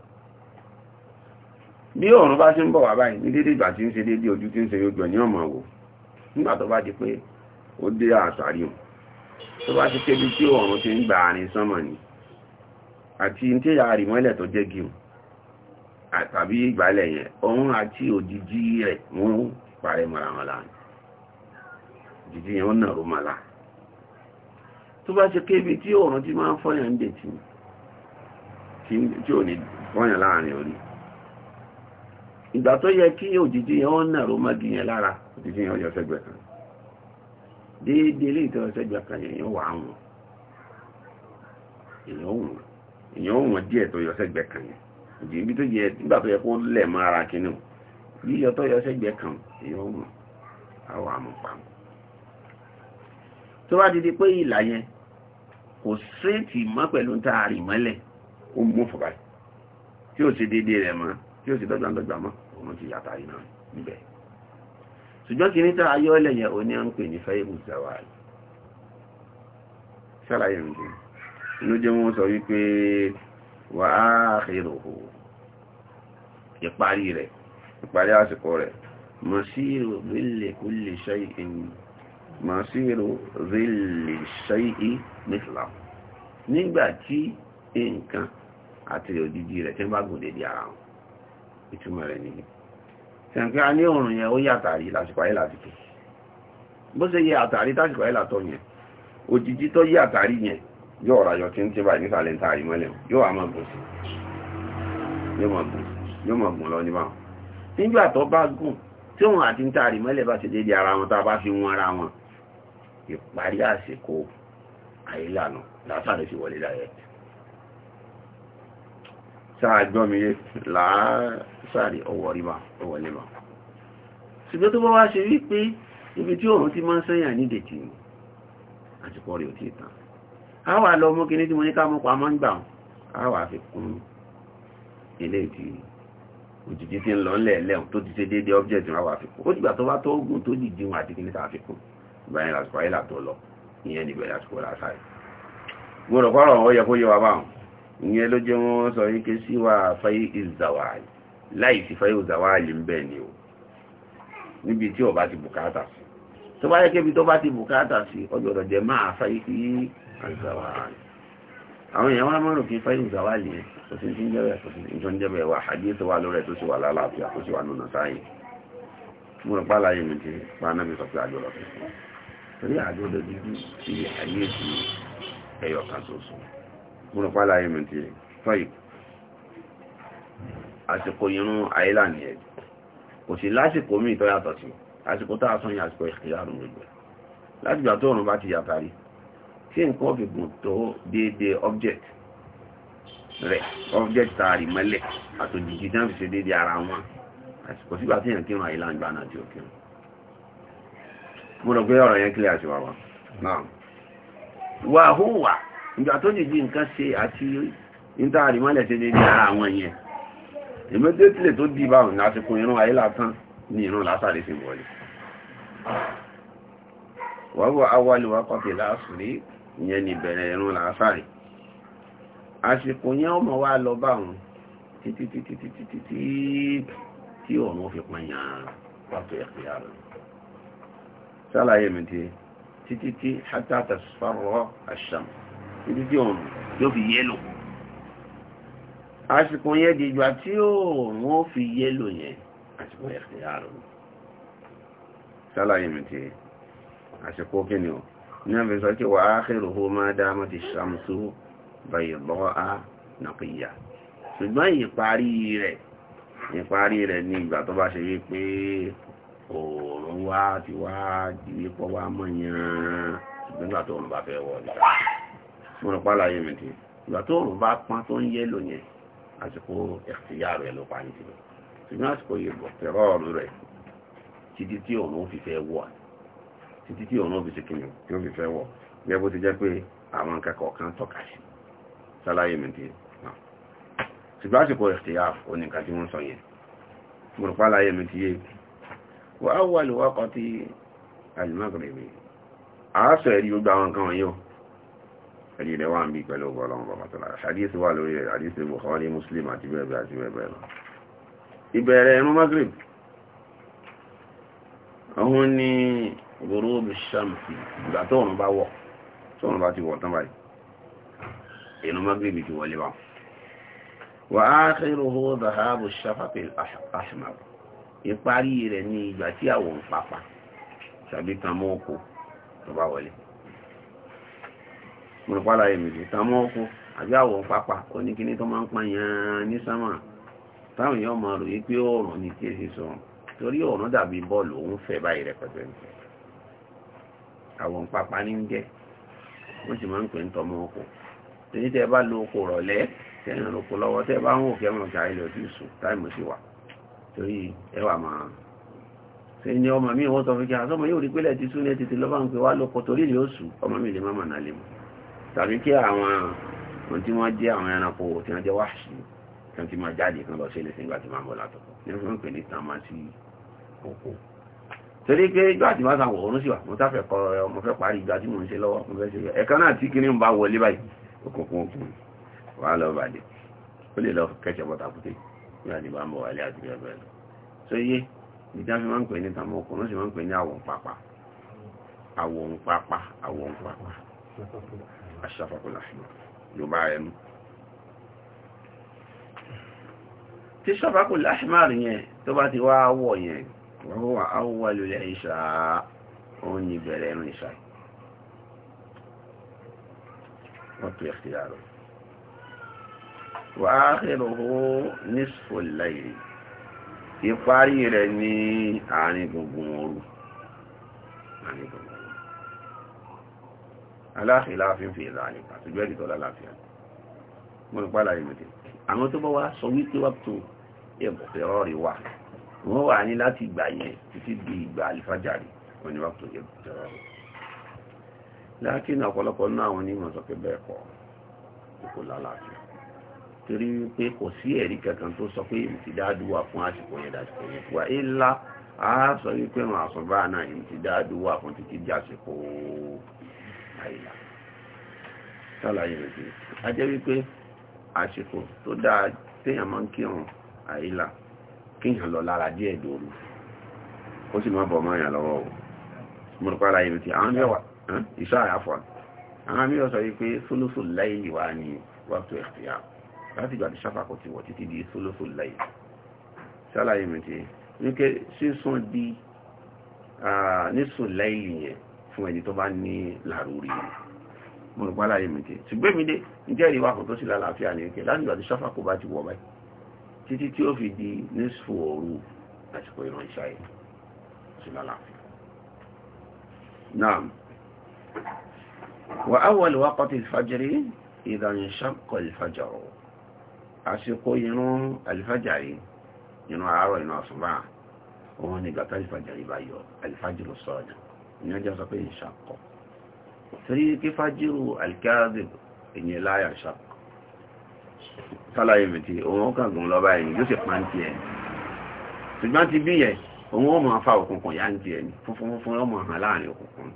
bí òòrùn bá ṣe ń bọ̀ wá báyìí dédé ìgbà tí ń ṣe dédé ojú tí ń ṣe ojú ẹ̀yìn ọmọ wò nígbà tó bá di pé ó dé àṣàrí òun tó bá ti kébi tí òòrùn ti ń gba àárín sánmọ̀ ni àti ní tí àárín mọ́lẹ̀ tó jẹ́ gíun àtàbí ìgbàlẹ̀ yẹn òun àti òjìjí rẹ̀ wọ́n parẹ́ mọ́ra wọn láàrín òjìjí yẹn ó nà ró mọ́lá tó bá ṣe kébi tí òòrùn ti máa ń fọyàn ń dè tí ò ní fọyàn láàrín orí ìgbà tó yẹ kí òjìjì yẹn wọ́n nàró mọ́gí yẹn lára yẹn ọjọ́ kan déédéé lè ìtọ́ kan yẹn wà wọn èèyàn ò díẹ̀ tó yọ kan yẹn tó yẹ nígbà tó yẹ kó lẹ̀ mọ́ ara yíyọ tó yọ kan àwọn àmọ́ tó bá pé ìlà yẹn kò mọ́ pẹ̀lú ń ta ó mú tí ò tí ó sì dọ́gbàndọ́gbà mọ́ òun ti yàtà iná níbẹ̀ ṣùgbọ́n kì ní tá ayọ́ ẹlẹ́yẹ oní à ń pè ní fẹ́ẹ̀bù zawal ṣàlàyé nǹkan inú jẹ́ wọ́n sọ wípé wà á àkèrò hù ìparí rẹ̀ ìparí àsìkò rẹ̀ masiru zille kulli shay'in masiru zille shay'in mithla nígbà tí nǹkan àti òdìdí rẹ̀ tí wọ́n bá gùn dédé ara wọn ìtumọ̀ rẹ̀ nìyí ṣẹ̀ǹkẹ́ a ní òrùn yẹn ó yà àtàrí lásìkò ayé látìkò bó ṣe yẹ àtàrí tásìkò ayé látọ̀ yẹn òjìjí tó yẹ àtàrí yẹn yóò ọ̀rọ̀ tí ń tí báyìí nísàlẹ̀ níta mọ́lẹ̀ yóò àmọ́ gùn sí wọlé láyẹ̀ sáàgbọ́mìye láàásáàrí ọwọ́ rímà ọwọ́ lẹ́mà ṣùgbọ́n tó bá wá ṣe wípé ibi tí òun ti máa ń sẹ́yàn ní dèjì ní àtìpọ̀ rí òtí ìtàn a lọ mú kíní tí mo ní ká mú pa máa ń gbà a wà fi kún ilé ìtì òjìjì tí ń lọ ńlẹ̀ lẹ́hùn tó ti ṣe déédéé object wọn wà fi kún ó dìgbà tó bá tó ogun tó dìjì wọn àti kíní fi kún ìgbà lásìkò ayé là lọ ìyẹn níbẹ̀ lásìkò lásàrì mo rò pọ́rọ̀ yẹ kó yẹ wa báwọn ìyẹn ló jẹ́ wọ́n sọ yíké síwá fáyé ìzàwáàlì láìsí fáyé ìzàwáàlì ń bẹ ni o níbi tí ó bá ti bùkátà sí tó bá yẹ kébi tó bá ti bùkátà sí ọjọ́ ọ̀dọ̀ jẹ́ máa fáyé sí ìzàwáàlì àwọn èèyàn wá mọ́rùn kí fáyé ìzàwáàlì yẹn kò sí ti ń jẹ́bẹ̀ kò sí ti ń jẹ́bẹ̀ wà àdíyé tó wà lórí ẹ̀ tó sì wà lálàáfíà tó sì kan tó sùn múnú pálá ayémẹ̀ tí ẹ̀ fáyì àsìkò irun àìlà ní ẹ̀ kò sí lásìkò míì tó yàtọ̀ sí àsìkò tó àsán yà àsìkò ìkìyàrùn gbogbo láti gbà tó ọ̀run bá ti yàtàrí tí nǹkan fi gùn tó déédé object rẹ̀ object tààrí mẹ́lẹ̀ àtòjìjì náà fi ṣe déédé ara wọn àsìkò sígbà tí yàn kírun àìlà ìgbà náà tí ó kírun mo rò pé ọ̀rọ̀ yẹn kílẹ̀ àṣìwà wa náà wà hùwà ìgbà tó jìjì nǹkan ṣe àti ìntàrí mọ́lẹ̀ ṣe dédé ara àwọn yẹn ìmọ́tẹ́tìlẹ̀ tó dì báwọn lásìkò irun ayé látán ní irun lásàrí sí wọlé wọ́wọ́ awọ́lẹ̀wà kọfẹ́ lásìrí ìyẹn ní bẹ̀rẹ̀ irun lásàrí àsìkò yẹn ọmọ wa lọ báwọn títí títí títí títí tí ọmọ fi pààyàn pàtó ẹ̀pẹ́ àrẹ sálàyé mi ti títí tí hátà tasfarọ́ àṣàmù títí ọ̀run yóò fi yẹ́lò àsìkò yẹn dìgbà tí òòrùn ó fi yẹ́lò yẹn àsìkò yẹn fi yàrá o sálàyé mi ti àsìkò kíni o ní àmì sọ pé wà á kérò hó máa dá mọ́ ti ṣàmùsù báyìí lọ́wọ́ á nàpìyà ṣùgbọ́n ìparí rẹ̀ ìparí rẹ̀ ní ìgbà tó bá ṣe wípé òòrùn wá ti wá di wípọ́ wá mọ̀ yẹn ṣùgbọ́n tó ń bá fẹ́ wọ̀ nígbà múnapá láyé mẹ́tì ìgbà tó rùn bá pán tó ń yé lò yẹn àsìkò ẹ̀fìyà rẹ̀ ló pa ní tìlọ ṣùgbọ́n àsìkò yìnbọn tẹ̀rọ ọ̀rùn rẹ̀ títí tí òun ó fi fẹ́ wọ̀ títí tí òun ó fi ṣe kìnnì tí ó fi fẹ́ wọ̀ gẹ́gẹ́ bó ti jẹ́ pé àwọn nǹkan kọ̀ọ̀kan tọ́ka sí sáláyé mẹ́tì ṣùgbọ́n àsìkò ẹ̀fìyà oníkan tí wọ́n sọ yẹn múnapá láyé mẹ́tì yé wọ́n á wà lówọ́kọ́ tí alimagrebi ẹ̀yìn rẹ̀ wà ń bí pẹ̀lú ọgbọ̀lọ́wọ́ bàbátọ́lá hadith wà lórí rẹ̀ hadith Bukhari Muslim àti bẹ́ẹ̀bẹ́ àti bẹ́ẹ̀bẹ́ lọ ìbẹ̀rẹ̀ ẹ̀rún Maghrib ọ̀hún ní ghurub ash-shamsi ìgbà tó ọ̀run bá wọ̀ tó ọ̀run bá ti wọ̀ tán báyìí ẹ̀rún rẹ̀ ní ìgbà tí àwọn pàpà tàbí tamọ́kù tó bá wọlé mọ̀lùpàlà èmìtì tamọ́ ọkọ àbí àwọ̀ fapá oníkíní tó máa ń pa yàn ní sámà táwọn èèyàn máa rò wípé ọ̀rọ̀ ní kí èsì sọ torí ọ̀rọ̀ dàbí bọ́ọ̀lù òun fẹ́ báyìí rẹpẹtẹ ní àwọn pápá ní ń jẹ́ wọ́n sì máa ń pè ń tọmọ ọkọ torí tẹ lo oko rọ̀lẹ́ lọ́wọ́ bá ń wò táìmù sì wà torí ẹwà máa ṣe ni ọmọ mi sọ fún kí yóò rí pẹ́lẹ̀ ti sún ní ń ọmọ mi lè má mà tàbí kí àwọn ohun tí wọ́n jẹ́ àwọn ẹranko tí wọ́n jẹ́ wáṣí tí wọ́n ti máa jáde kan lọ sí ilé sígbà tí máa ń bọ̀ látọ̀kọ̀ ní fún ìpè ní tàn máa sí oko torí pé ìgbà tí máa sàwọ̀ oorun sì wà mo sáfẹ́ kọ ọmọ fẹ́ parí ìgbà tí mò ń ṣe lọ́wọ́ mo fẹ́ ṣe ẹ̀ka náà tí kìnìún bá wọlé báyìí okùnkùn okùn wà á lọ bàjẹ́ ó lè lọ kẹ́sẹ̀ bọ́ta kúté nígbà tí bá ń bọ̀ wálé àti bẹ́ẹ̀ bẹ́ẹ̀ lọ tó aṣàfàkùlà yorùbá ẹnu tí ṣàfàkùlà ahmar yẹn tó bá ti wá wọ̀ yẹn wọ́n wà áwọ̀ lulẹ̀ ìṣà òun ní bẹ̀rẹ̀ ẹnu ìṣà wọ́n tó ikhtiyar wà áhìrùhù nisful rẹ̀ ní àárín gbogbo òru àárín gbogbo aláàfíláàfín fi ìlànà àtúgbẹ́ ìdìtọ́ lálàáfíà wọ́n pa láyé mẹ́tẹ̀ àwọn tó bọ́ wá sọ wípé wá tó ẹ̀bọ̀tẹ̀rọ̀ rí wà wọ́n wà ní láti ìgbà yẹn títí di ìgbà àlìfájàrí wọ́n ni wá tó ẹ̀bọ̀tẹ̀rọ̀ rí lákínà ọ̀pọ̀lọpọ̀ náà àwọn onímọ̀ sọ pé bẹ́ẹ̀ kọ́ kò lálàáfíà torí wípé kò sí ẹ̀rí kankan tó sọ pé ìmùtídáàdù wà fún àsìkò yẹn dàsìkò yẹn wà é ńlá a sọ wípé wọn àsọ̀bá náà ìmùtídáàdù wà fún títí dàsìkò àìlà sálàyé rẹ̀ sí a jẹ́ wípé àsìkò tó dáa téèyàn máa ń kírun àìlà kíyàn lọ lára díẹ̀ dòru ó sì máa bọ̀ mọ́ yàn lọ́wọ́ o mo rò pàlàyé rẹ̀ sí àwọn mẹ́wàá ìṣọ́ àyàfọ́ àwọn mẹ́wàá sọ wípé sólófò láìlì wá ní wàtò ẹ̀fìyà láti ìgbà tí sáfàkọ̀ ti wọ̀ títí di sólófò láìlì sálàyé rẹ̀ sí wípé sísún di nísùn láìlì yẹn fún ẹni tó bá ní làrúrí mo rò pálá yìí mìtì ṣùgbọ́n mi dé njẹ́ ìrìwá kò tó sì lálàáfíà ní ìkẹ́ láti ìgbà tí kò bá ti wọ̀ báyìí títí tí ó fi di àsìkò ìran ìṣá yìí àárọ̀ ìrun àsùbá òun ni gàtà al bá yọ al-fajru ìyànjẹ́ sọ pé ìṣàkọ̀ torí kí fájírù alkazib ìyẹn láyà ṣàkọ̀ sálàyé mìtì òun ó kàgùn lọ́bá ẹ̀yìn yóò sì pa ń tiẹ̀ ṣùgbọ́n ti bí yẹn òun ó máa fa òkùnkùn yá ń tiẹ̀ ní funfun funfun ọmọ hàn láàrin òkùnkùn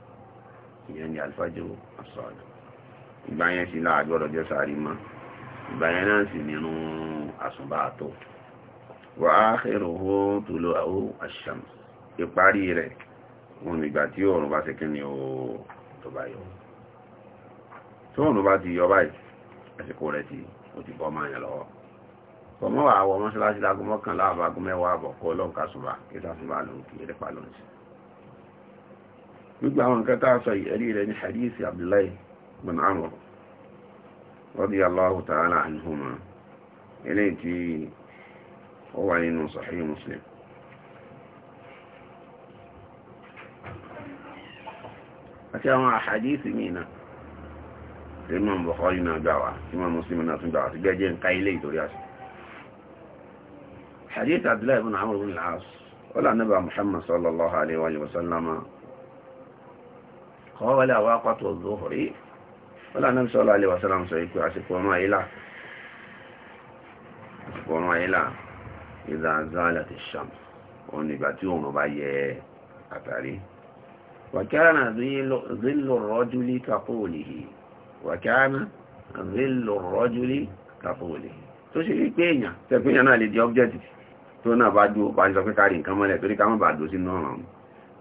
ìyẹn ni alfájírù asọ́ọ̀dọ̀ ìgbà yẹn sì láàgbọ́dọ̀ jẹ́ sáré mọ́ ìgbà yẹn náà sì nínú àsùnbàtò wàá xèrò hó tùlọ̀ àwọ̀ àṣàm ìparí rẹ̀ òun ìgbà tí oòrùn bá ṣe kí ni oòrùn bá yọ tí oòrùn bá ti yọ báyìí àsìkò rẹ̀ ti ó ti bọ́ máa yàn lọ́wọ́ kọ mọ́ wàá wọ mọ́ṣáláṣí láago mọ́kànlá àbágo mẹ́wàá kọ́ ọlọ́ǹkà a abdullahi bin ó wà muslim àti àwọn àhàdíìsì míì náà tí mọ́ Bukhari náà gbà wá tí mọ́ Muslim náà tún gbà wá ti gẹ́jẹ́ ń ká ilé ìtorí àṣì hadith Abdullahi ibn Amr ibn al-As wala nabiyy Muhammad sallallahu alaihi wa sallam àtàrí وكان ظل الرجل كطوله وكان ظل الرجل كطوله tó ṣe rí pé èèyàn tẹ́kùnyàn náà lè di ọ́bjẹ́tì tó náà bá dúó bá ń sọ pé kárí nǹkan mọ́lẹ̀ torí ká mọ́ bá dúó sínú ọ̀ràn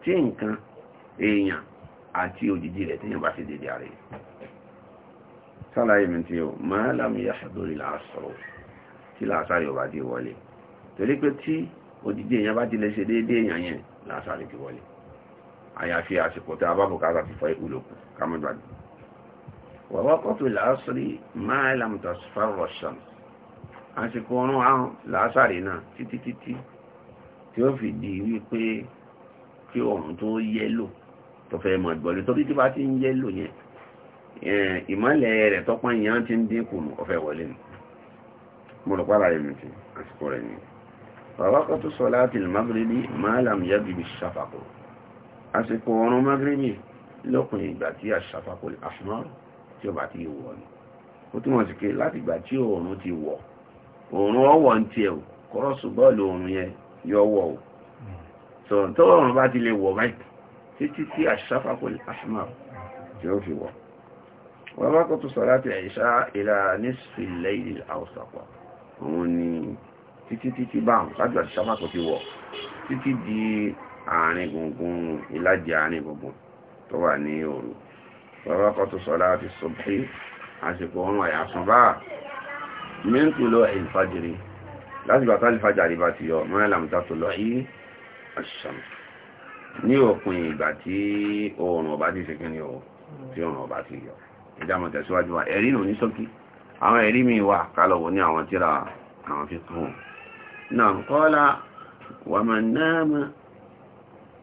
tí nǹkan èèyàn àti òjìjì rẹ̀ tí yàn bá fi dèdè ààrẹ sálàyé mi tí ó máa lámúyà lórí làásọ̀rọ̀ tí làásàrè ọba dé wọlé torí pé tí òjìjì èèyàn bá ti lè ṣe déédéé èèyàn yẹn làásàrè ti wọlé àyàfi àsìkò tí a bá bùkátà ti fọ ìlòkù kàmùdàdì wàwọ́kọ̀tù làásìrí máa lámùtà fárọ̀ sàn àsìkò ọ̀run àrùn làásàrí náà títí títí tí ó fi di wípé kí òun tó yẹ́lò tó fẹ́ mọ̀ ìgbọ̀lẹ̀ torí tí bá ti ń yẹ́lò yẹn ìmọ̀lẹ̀ rẹ̀ tọ́pọ̀ ìyàn ti ń dínkù ọ̀fẹ́ wọlé nù mo rò àsìkò ọ̀run magrebi lọ́kùn ìgbà tí àṣàfàkò àṣùmọ́ tí ó bá ti wọ̀ ni ó túnmọ̀ sí pé láti ìgbà tí oòrùn ti wọ̀ oòrùn ọwọ̀ ń tiẹ̀ o kọ́rọ́sù bọ́ọ̀lù oòrùn yẹn yọ wọ̀ o sọ tó oòrùn bá ti lè wọ̀ báyìí títí tí àṣàfàkò àṣùmọ́ tí ó fi wọ̀ wọ́n bá kó tó sọ láti àìṣá ìlà nísìlẹ̀ ìlú àwòsàpọ̀ òun ni títí títí báwọn láti àṣàfàkò ti wọ̀ títí di àárín gbùngbùn ìlàjì àárín gbùngbùn tó wà ní òru bàbá kan tó sọ̀rọ̀ àti sọ̀bí àsìkò ọrùn àyàsùn bá mẹ́ńtù lọ ìfàjìrì láti gbà tálífà jàrí bá ti yọ mọ́rẹ́ làmùtà tó lọ yí àṣàm ní òpin ìgbà tí oòrùn ọba ti ṣe kíni o tí oòrùn ọba ti yọ wa ẹ̀rí náà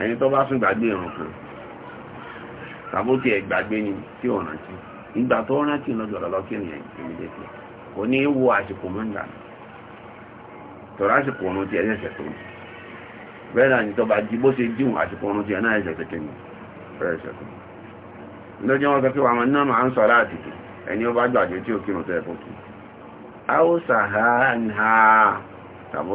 ẹni tó bá sùn gbàgbé ìrùn kan tàbótì ni tí ò rántí ìgbà tó rántí lọ́jọ́ lọ́kìnrin yẹn èmi dé kò ní wo àsìkò mọ́ ńgbà àsìkò ọ̀run tiẹ̀ ní ẹ̀sẹ̀ tó bẹ́ẹ̀ náà ni tó bá jí bó ṣe jíun àsìkò ọ̀run tiẹ̀ náà ẹ̀sẹ̀ ni bẹ́ẹ̀ ẹ̀sẹ̀ tó lọ́jọ́ wọn sọ pé wàmọ̀ náà máa ń sọ láti tè ẹni ó bá gbàgbé tí ó kírun tó ẹ̀kọ́ kí a ó sàhánà tàbó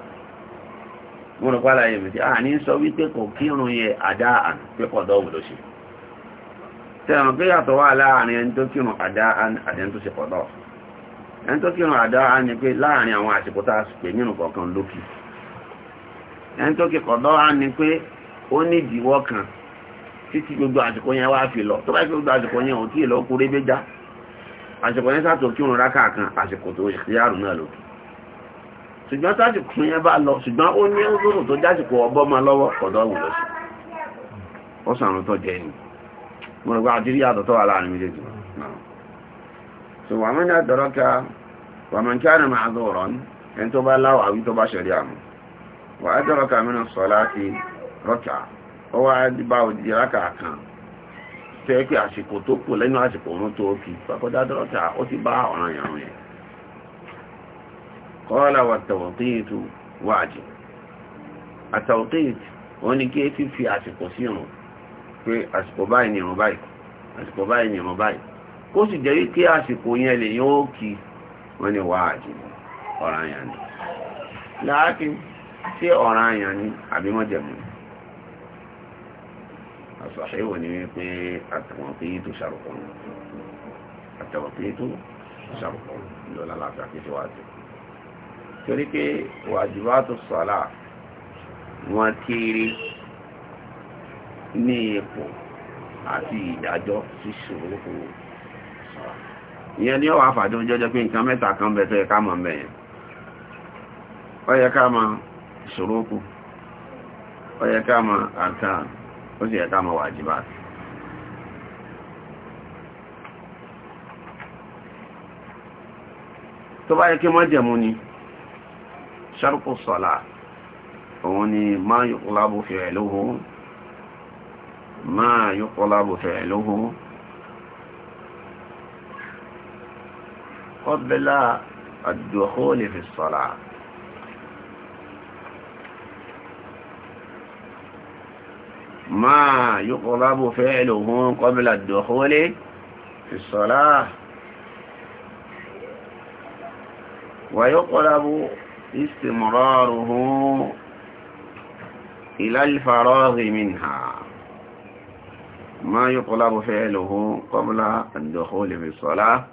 wọ́n rọ̀pá láyé mi tí a ní sọ wípé kò kírun yẹ àdáàn pé kọ̀dọ̀ òun ló ṣe tẹ́ràn pé yàtọ̀ wà láàrin ẹni tó kírun àdáàn àti ẹni tó ṣe kọ̀dọ̀ ẹni tó kírun àdáàn ni pé láàrin àwọn àsìkò tá a pè nínú kọ̀ọ̀kan lókì ẹni tó kí kọ̀dọ̀ á ni pé ó ní ìdíwọ́ kan títí gbogbo àsìkò yẹn wá fi lọ tó bá gbogbo àsìkò yẹn ò tí ì lọ kúrébéjá àsìkò yẹn sàtò kírun rákà kan àsìkò tó ìṣ ṣùgbọ́n sásìkò yẹn bá lọ ṣùgbọ́n ó ní ọdún tó jásìkò ọbọ́ ma lọ́wọ́ ọ̀dọ́ òun lọ́sí ó sàrùn tó jẹ́ ni mo rẹ̀ wá àdírí àtọ̀tọ̀ wà láàrin méjèèjì ṣùgbọ́n wàmí ní àdọ́rọ́ka wàmí kí á nà máa dọ̀ ọ̀rọ̀ ẹni tó bá láwọ̀ àwí tó pé àsìkò tó kù lẹ́nu àsìkò òun tó kì pàkọ́dá dọ́rọ́ka ó ti bá ọ̀ràn yàrá قال والتوقيت واجب التوقيت wọ́n ní kí é ti fi àsìkò sí ìrùn pé àsìkò báyìí ni ìrùn báyìí àsìkò báyìí ni ìrùn báyìí kó sì jẹ́ wípé àsìkò yẹn lè yóò kí wọ́n ní wáàjì ọ̀ranyàn ni láàkí tí ọ̀ranyàn ni àbí májẹ̀mú àṣàṣẹ́wò ni wípé àtàwọn pé tó ṣàrùkọ̀ àtàwọn torí pé wàjúbátù sọ́lá wọn kéré ní ipò àti ìdájọ́ ṣíṣòro kò sọ́lá ìyẹn ni ó wà fàájú jẹ́jẹ́ pé nǹkan mẹ́ta kan bẹ̀ tó yẹ ká mọ̀ mẹ́yẹn ó yẹ ká mọ̀ ṣòro kù ó ṣarku sọ̀lá òun ni máa yuqlabu fi'luhu máa yuqlabu fi'luhu qabla ad-dukhuli fi sọ̀lá ما يقرب فعله قبل الدخول في الصلاة ويقرب استمراره إلى الفراغ منها ما يطلب فعله قبل الدخول في الصلاة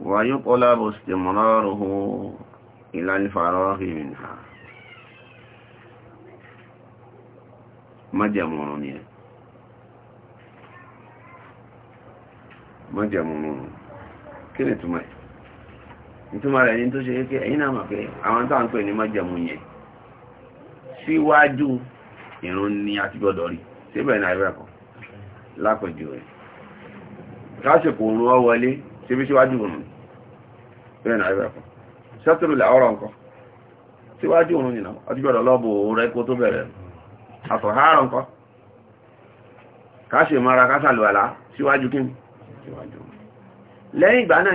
ويطلب استمراره إلى الفراغ منها ما مجمونون كنت مجمونية ìtumọ̀ rẹ̀ tó ṣe pé ẹ̀yin náà mọ̀ pé àwọn táwọn pè ní mọ́jẹ̀mú yẹn síwájú ni a ti gbọ́dọ̀ rí síbẹ̀ lápẹ̀jù rẹ̀ káṣẹ̀kù òun ọ wọlé síbi síwájú òun bẹ́ẹ̀ náà rẹ̀ kọ́ sẹ́tùrù làwọ́rọ̀ nǹkan síwájú òun nìna a ti gbọ́dọ̀ lọ́bù rẹ̀ kó tó bẹ̀rẹ̀ nǹkan mara síwájú kí lẹ́yìn ìgbà náà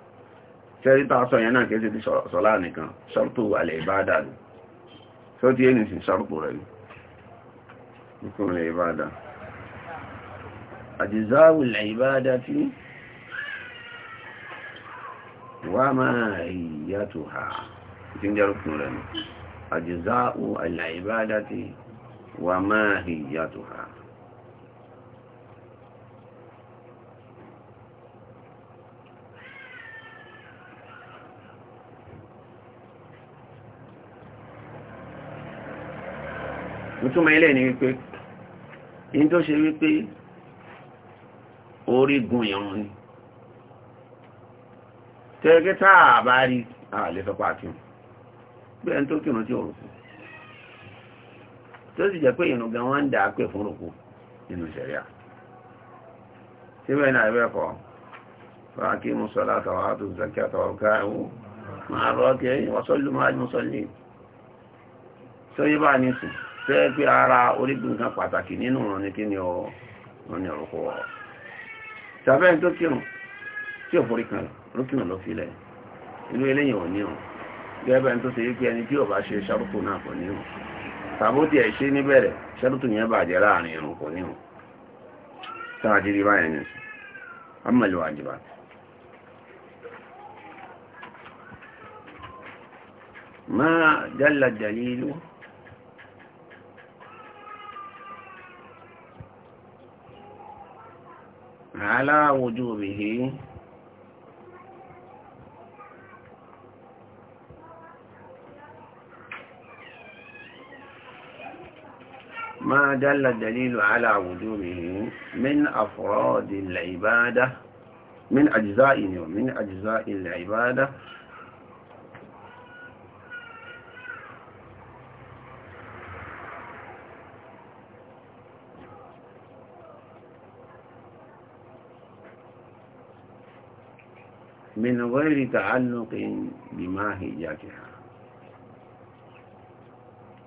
sẹ́rí tàà sọ yẹn náà kìí ti sọ́lá nìkan sọ́rọ̀tò alẹ́ ìbádà ní tí ó ti yé nìsìn sọ́rọ̀pù rẹ̀ nìkan alẹ́ ìbádà àjízáwù alẹ́ ìbádà tí wà máa yàtò ha tí ń jẹ́rùkù rẹ̀ ní àjízáwù alẹ́ ìbádà tí wà máa yàtò ha ìtumọ̀ ilẹ̀ ni wípé in tó ṣe wípé orígun ìrun ni tẹ́gẹ́ táà bá rí ààlẹ́ sọpá àti hùn tó kírun tí òrùkú tó sì jẹ́ pé ìrun gan wọ́n ń dà á fún òrùkú nínú ìṣẹ̀ríà síbẹ̀ náà ẹgbẹ́ kọ́ fàákí tó yẹ pé ara orígun kan pàtàkì nínú ọ̀rọ̀ ní kí ni ọ̀rọ̀ ní ọ̀rọ̀ kọ̀ ọ̀rọ̀ tàbí tó kírun tí ò forí kan ló kírun ló fi lẹ̀ inú eléyìn ò ní ọ̀ gẹ́gẹ́ bẹ́ẹ̀ tó ṣe wípé ẹni tí ò bá ṣe ṣàrùtù náà kò ní ọ̀ tàbó tiẹ̀ ṣe níbẹ̀rẹ̀ ṣàrùtù yẹn bàjẹ́ láàrin ìrùn kò ní ọ̀ jírí báyìí ni amẹ́lẹ̀ wà jìbà máa jálà jàlílù على وجوبه ما دل الدليل على وجوبه من أفراد العبادة من أجزاء من أجزاء العبادة من غير تعلق بما بماهيتها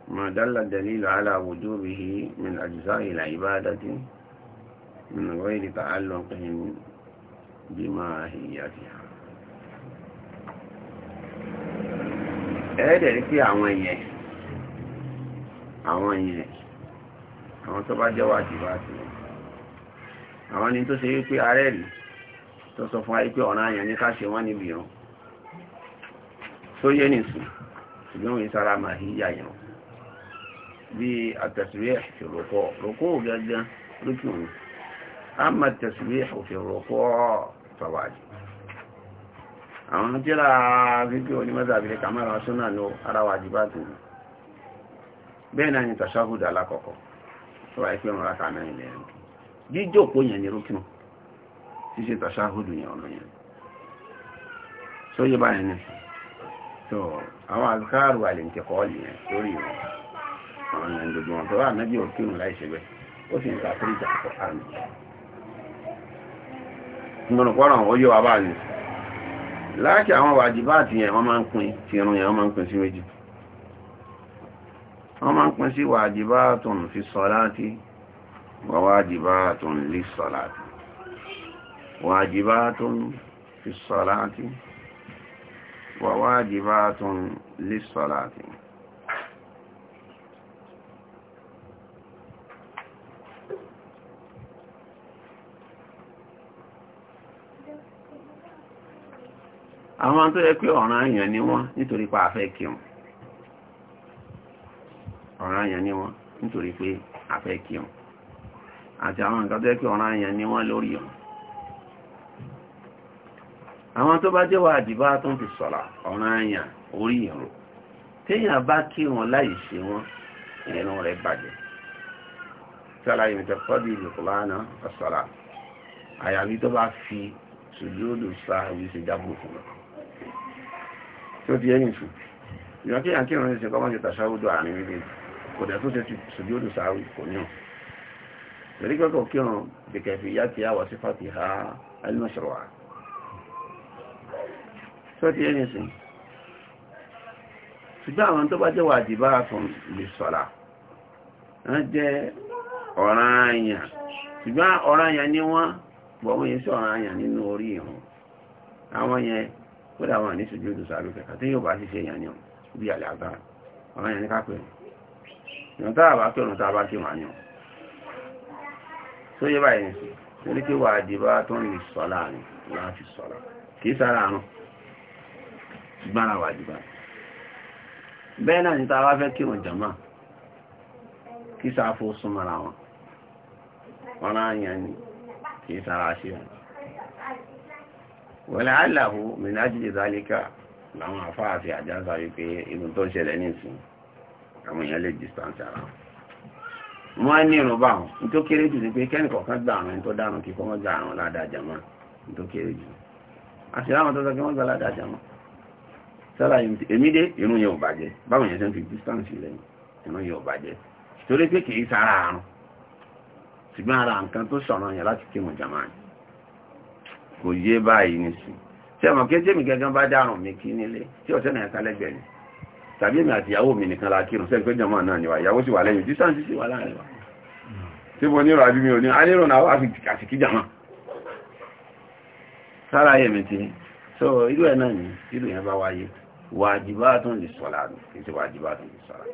ما دل الدليل على وجوبه من أجزاء العبادة من غير تعلق بماهيتها ẹ̀ẹ́dẹ̀ sí àwọn yẹn àwọn yẹn àwọn tó bá jẹ́ wájìbá sí àwọn ni tó ṣe wípé arẹ́rìí tó sọ fún ayé pé ọ̀ràn àyàn ní ká ṣe wọ́n níbi ìrun tó yé nìsú ṣùgbọ́n òun sára máa hí yà ìrun bí àtẹ̀síwé fi rọ̀kọ́ rọ̀kọ́ gẹ́gẹ́ lókè òun a máa tẹ̀síwé fi rọ̀kọ́ tọ̀wájú àwọn tíra fífí onímọ́ta yẹn ni rúkìnù ṣíṣe tàṣáhùdù yẹn ọ̀nà yẹn tó yẹ báyìí ní tó àwọn àzùkárù àlèǹtẹ̀kọ́ọ̀lì yẹn lórí wọn àwọn yẹn gbogbo wọn tó wà nábì òkèrùn láìṣe bẹ́ẹ̀ ó sì ń ta fún ìjà àkọ́ àmì ìmọ̀nà pọ́nà ó yọ wá ní láàkì àwọn wàjìbáàtì yẹn wọ́n máa ń pín ti irun yẹn wọ́n máa ń pín sí méjì wọ́n máa ń pín sí wàjìbáàtùn fi sọ́láti wà wàjìbáàtùn lè sọ́láti واجبات في الصلاة وواجبات للصلاة àwọn tó yẹ pé ọ̀ràn èèyàn ni wọ́n nítorí pa àfẹ́ kírun ọ̀ràn èèyàn ni wọ́n nítorí pé àfẹ́ kírun àti àwọn nǹkan tó yẹ pé ọ̀ràn èèyàn ni wọ́n lórí ọ̀ràn àwọn tó bá jẹ́ wà àdìbá tó ń fi sọ̀rà ọ̀ràn àyàn orí ìrò téèyàn bá kí wọn láì ṣe wọn ìrìnà rẹ̀ bàjẹ́ tí aláyẹ̀ mi tẹ́kọ́ bí ìlùkùlánà ọ̀sọ̀rà àyàbí tó bá fi sùjúdù sáàwì ṣe jábù fún wọn tí ó ti yẹ́yìn sùn kí yàn ìrìn ṣe kọ́mọ́ tàṣáwùdù àárín méjì kò dẹ̀ tó ṣe ti sùjúdù sáàwì kò ní ọ̀ pẹ̀lú kọ́kọ́ kírun bìkẹ́fì yá ti yá sí fàtìhá ẹlẹ́mọ̀ṣọ̀rọ̀ tó ti ẹni sìn ṣùgbọ́n àwọn tó bá jẹ́ wà dìbà tún lè sọ̀rà wọ́n jẹ́ ọ̀ràn àyàn ṣùgbọ́n ọ̀ràn àyàn ni wọ́n bọ̀wọ́n yẹn sí ọ̀ràn àyàn nínú orí ìrùn àwọn yẹn kódà wọn ní ṣojú ìdùsà ló kẹta tí yóò bá ṣiṣẹ́ èèyàn ni bí alẹ́ àgbà ọ̀ràn yẹn ní kápẹ́ ìrùn tá àbá kí ọ̀rùn tá àbá kí wọ́n yàn tó yẹ báyìí nìsí torí kí wà dìbà tún lè láti sọ̀rà kì í sára àrùn gbára wà jùbá bẹ́ẹ̀ náà ní tàbá fẹ́ kírun jàmá kí sáfó súnmọ́ra wọn wọ́n ráyàn ní kí sára ṣe wọn wọ́n láàláhù mìnájìlì zálíkà láwọn afáàfi àjáza wípé inú tó ṣẹlẹ̀ nísìn àwọn èèyàn lè jàmá sára èmi dé irun yẹn ò bàjẹ́ báwọn yẹn ṣe ń fi distance lẹ́yìn irun yẹn ò bàjẹ́ torí pé kìí sára àrùn ṣùgbọ́n ara nǹkan tó sọ̀rọ̀ yẹn láti kí wọn jàmá ni kò yé báyìí nísìn tí ọmọ kéjé mi gẹ́gẹ́ bá dárùn mi kí nílé tí ọ̀sẹ̀ náà kan lẹ́gbẹ̀ẹ́ ni tàbí èmi àti ìyàwó mi nìkan la kírun sẹ́ni pé jàmá náà ni wa ìyàwó sì wà lẹ́yìn distance sì wà láàrin wa tí mo nírò àbí mi ò ní alérò náà wà fi kí jàmá sára yẹn mi ti so irú ẹ̀ náà ni irú yẹn bá wáyé wàjìbátún lè sọ́lá ìtì wàjìbátún lè sọ́lá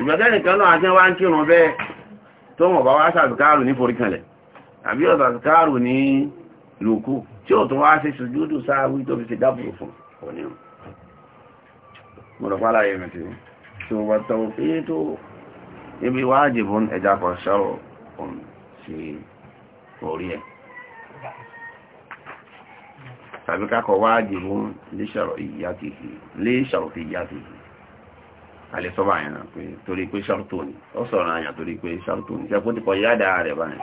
ìgbẹ̀gẹ́ nìkan náà àti wá ń kírun bẹ́ẹ̀ tó mọ̀ bá wá sàzùkárù ní foríkanlẹ̀ àbí ọ̀sàzùkárù ní lòkú tí ó tún wá sí sùjúdù sáàwí tó fi ṣe dábùrù fún òníhùn mọ̀rọ̀pálá yẹ̀mẹ̀ tí tí ó wà tàwọn fi tó ibi wájìbún ẹ̀dà kan sọ̀rọ̀ sí orí ẹ̀ tàbí kákọ̀ wájibun li shar'iyyatihi li shar'iyyatihi alẹ́ sọ́bà yẹn náà pé torí pé ṣàrùtò ní ó sọ̀rọ̀ àyàn torí pé ṣàrùtò ní ṣe kó ti kọ yádà rẹ̀ báyìí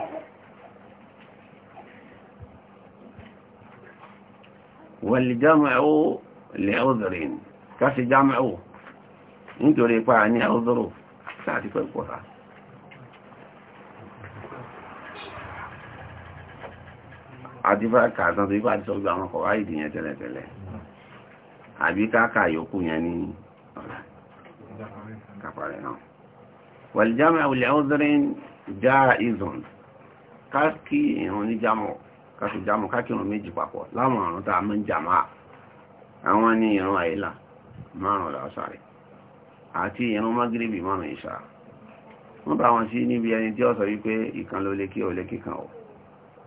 wàlìjámẹ̀wò lẹ́ọ̀dọ̀rin káṣí jámẹ̀wò àti bá kà tán tó ipá àti sọ́gbà àwọn ọkọ̀ wáyé ìdìyàn tẹ́lẹ̀tẹ́lẹ̀ àbí káàkà yòókù yẹn ní ọ̀la kàpàrẹ̀ náà wàlìjámà ìwòlẹ̀ ọ̀dọ́rin já ìzọ̀n káàkì ìrùn ní jámọ̀ káàkì jámọ̀ káàkì ìrùn méjì papọ̀ láwọn àrùn tá a mọ́ ń jàmá àwọn ní ìrùn àìlà márùn làásàrẹ̀ àti ìrùn mágírèbì márùn ìṣà wọ́n bá wọn sí níbi ẹni tí ó sọ wípé ìkan ló lékè ó lékè kan ọ̀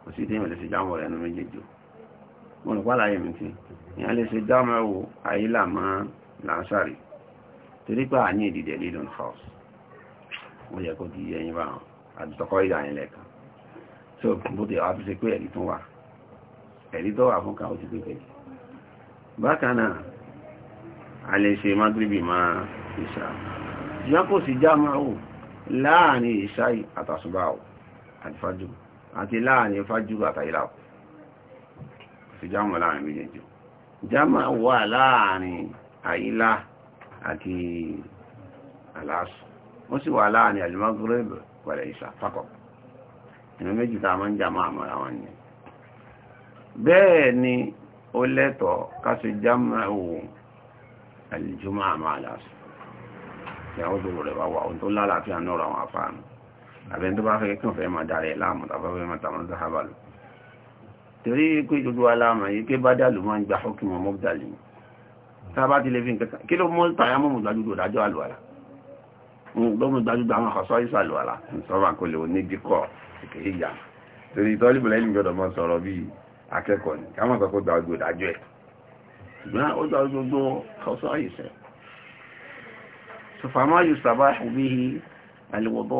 kò sí tíyàn lè ṣe jámọ̀ rẹ̀ ẹnu méjèèjì mo rò pàlàyé mi tí ìyàn lè ṣe jámọ̀ ẹwò àyílà mọ́ làásàrì torí pé àní ìdìdẹ̀ lílùn fọ́s mo yẹ kó di ẹyin bá wọn àdìtọ́kọ́ ìdà yẹn lẹ́ẹ̀kan so bó ti wá tó ṣe pé ẹ̀rí tó wà ẹ̀rí tó wà fún ká ó ti pé pẹ̀lú bákan náà a lè ṣe magribi máa ìṣà ṣùgbọ́n kò sí jámọ̀ ẹwò láàrin ìṣá àtàṣùbà àti àti láàrin fájúrú àtàílà kù sí jámọ̀ láàrin méjèèjì jámọ̀ wà láàrin àílà àti aláàsù wọ́n sì wà láàrin al-maghrib wal isha fákọ̀ ìrìn méjì tá a máa ń jámọ̀ àmọ́ra wọn ni bẹ́ẹ̀ ni ó lẹ́tọ̀ ká jámọ̀ òun àmọ́ aláàsù àbẹ́ tó bá fẹ́ kí wọ́n fẹ́ máa darẹ̀ láàmù tàbá fẹ́ máa tàmọ́ záhábà lọ torí pé gbogbo aláàmù yìí pé bá dàlù máa ń gba hókìmù mọ́gbàlì tábà ti lè fi nǹkan kí ló mọ́ tàyámọ́ mọ́ gbajúgbò dájọ́ àlùwàlà lọ́mọ gbajúgbò àwọn àkọsọ́ ìsàlùwàlà ìsọ́bà kò lè ní díkọ̀ ìkè ìyà torí ìtọ́lébùlẹ́ ìlú gbọdọ̀ mọ́ sọ̀rọ̀ bí akẹ́kọ̀ọ́ ni ká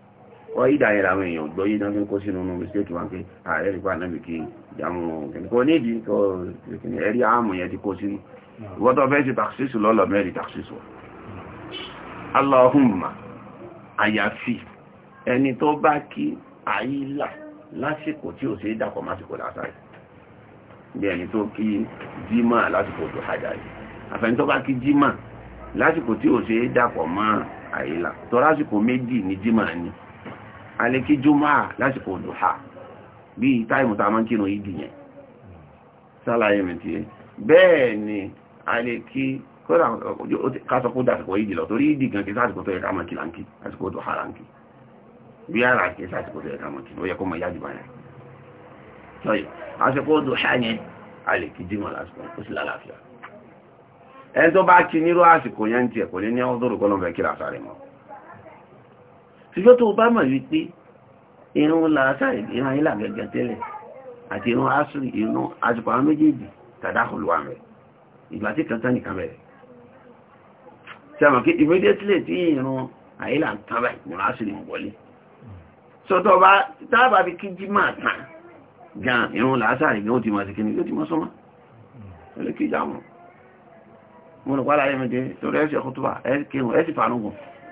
ọ ìdáyẹ̀ làwọn èèyàn gbọ́ yìí dán fi kó sínú ọmọ mistake wọn pé ààrẹ rí pa náà kí ìdáhùn ọ̀gẹ̀ni kò ní ìdí kò ẹ̀rí àmù yẹn ti kó sínú ìwọ́n fẹ́ sí taxis lọ́lọ́ mẹ́rin taxis wọ Allahumma àyàfi ẹni tó bá kí àyílà lásìkò tí ò sí dàpọ̀ másìkò lásàrì bí ẹni tó kí jímà lásìkò tó hajjari àfẹ́ni tó bá kí tí ò sí dàpọ̀ mọ́ àyílà tó méjì ní jímà ni a Juma, kí jùmọ́ lásìkò dùhà bí táìmù tá a máa ń kírun ìdì yẹn sálàyé mi tiẹ̀ bẹ́ẹ̀ ni a lè kí kódà kásọkó dàsìkò ìdì lọ torí ìdì gan kí sásìkò tó yẹ ká máa kí láǹkì lásìkò dùhà láǹkì bí ara kí sásìkò tó yẹ ká máa kí yẹ kó máa yá jù bá yẹn ṣùgbọ́n tó bá mọ̀ wípé irun làásàrì irun ayílà gẹ́gẹ́ tẹ́lẹ̀ àti irun asùn irun àsìkò àwọn méjèèjì tàdákùlù àmẹ́ ìgbà tí kan tán nìkan bẹ̀rẹ̀ tí a mọ̀ kí immediately tí irun ayílà ń tán báyìí irun asùn ìmọ̀ wọlé sọ́tọ̀ bá tábà bí kí jí máa tàn gan irun làásàrì gan ó ti mọ̀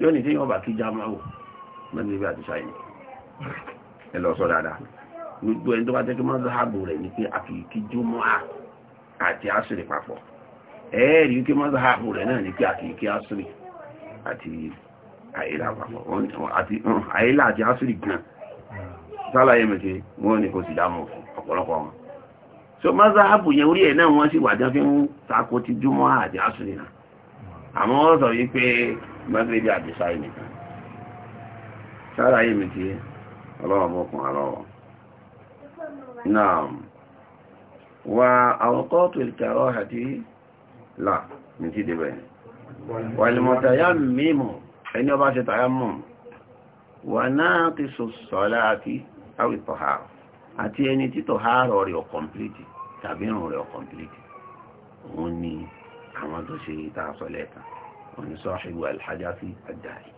yóò ní tí yóò bá kí jámáwò mẹ́rin níbi àti ṣáyìn ẹ lọ sọ dáadáa gbogbo ẹni tó bá jẹ́ kí máa záàbù rẹ̀ ní pé àkìkí jùmọ́ àti àṣírí papọ̀ ẹ̀ẹ́rì wípé máa záàbù rẹ̀ náà ní pé àkìkí àṣírí àti àìlà papọ̀ àìlà àti àṣírí gan sálàyé mẹ́tẹ́ wọ́n ní kò sì dámọ̀ ọ̀pọ̀lọpọ̀ wọn so máa záàbù yẹn orí ẹ̀ náà wọ́n sì wà jẹ́ fi ń takò ti jùmọ́ àti àṣírí náà àmọ́ wọ́n sọ mẹ́gbẹ̀ẹ́bí àdìsá ìnìkan sára yìí mi ti ọlọ́wọ́ bọ́kùn àlọ́wọ́ náà wà àwọ̀kọ́ tó ìkàrọ̀ àti là mi ti débẹ̀ wà ìlmọ̀ta yá mímọ̀ ẹni ọba ṣe tàyá mọ̀ wà náà ti sọ sọ́lá àti àwìtọ̀ ààrọ̀ àti ẹni títọ̀ ààrọ̀ rẹ̀ ọ̀kọ̀mplìtì tàbí ìrùn rẹ̀ ọ̀kọ̀mplìtì òun ni àwọn tó ṣe ìta sọ òní sọ́ọ̀ṣìbù alhajjáfì àdáyé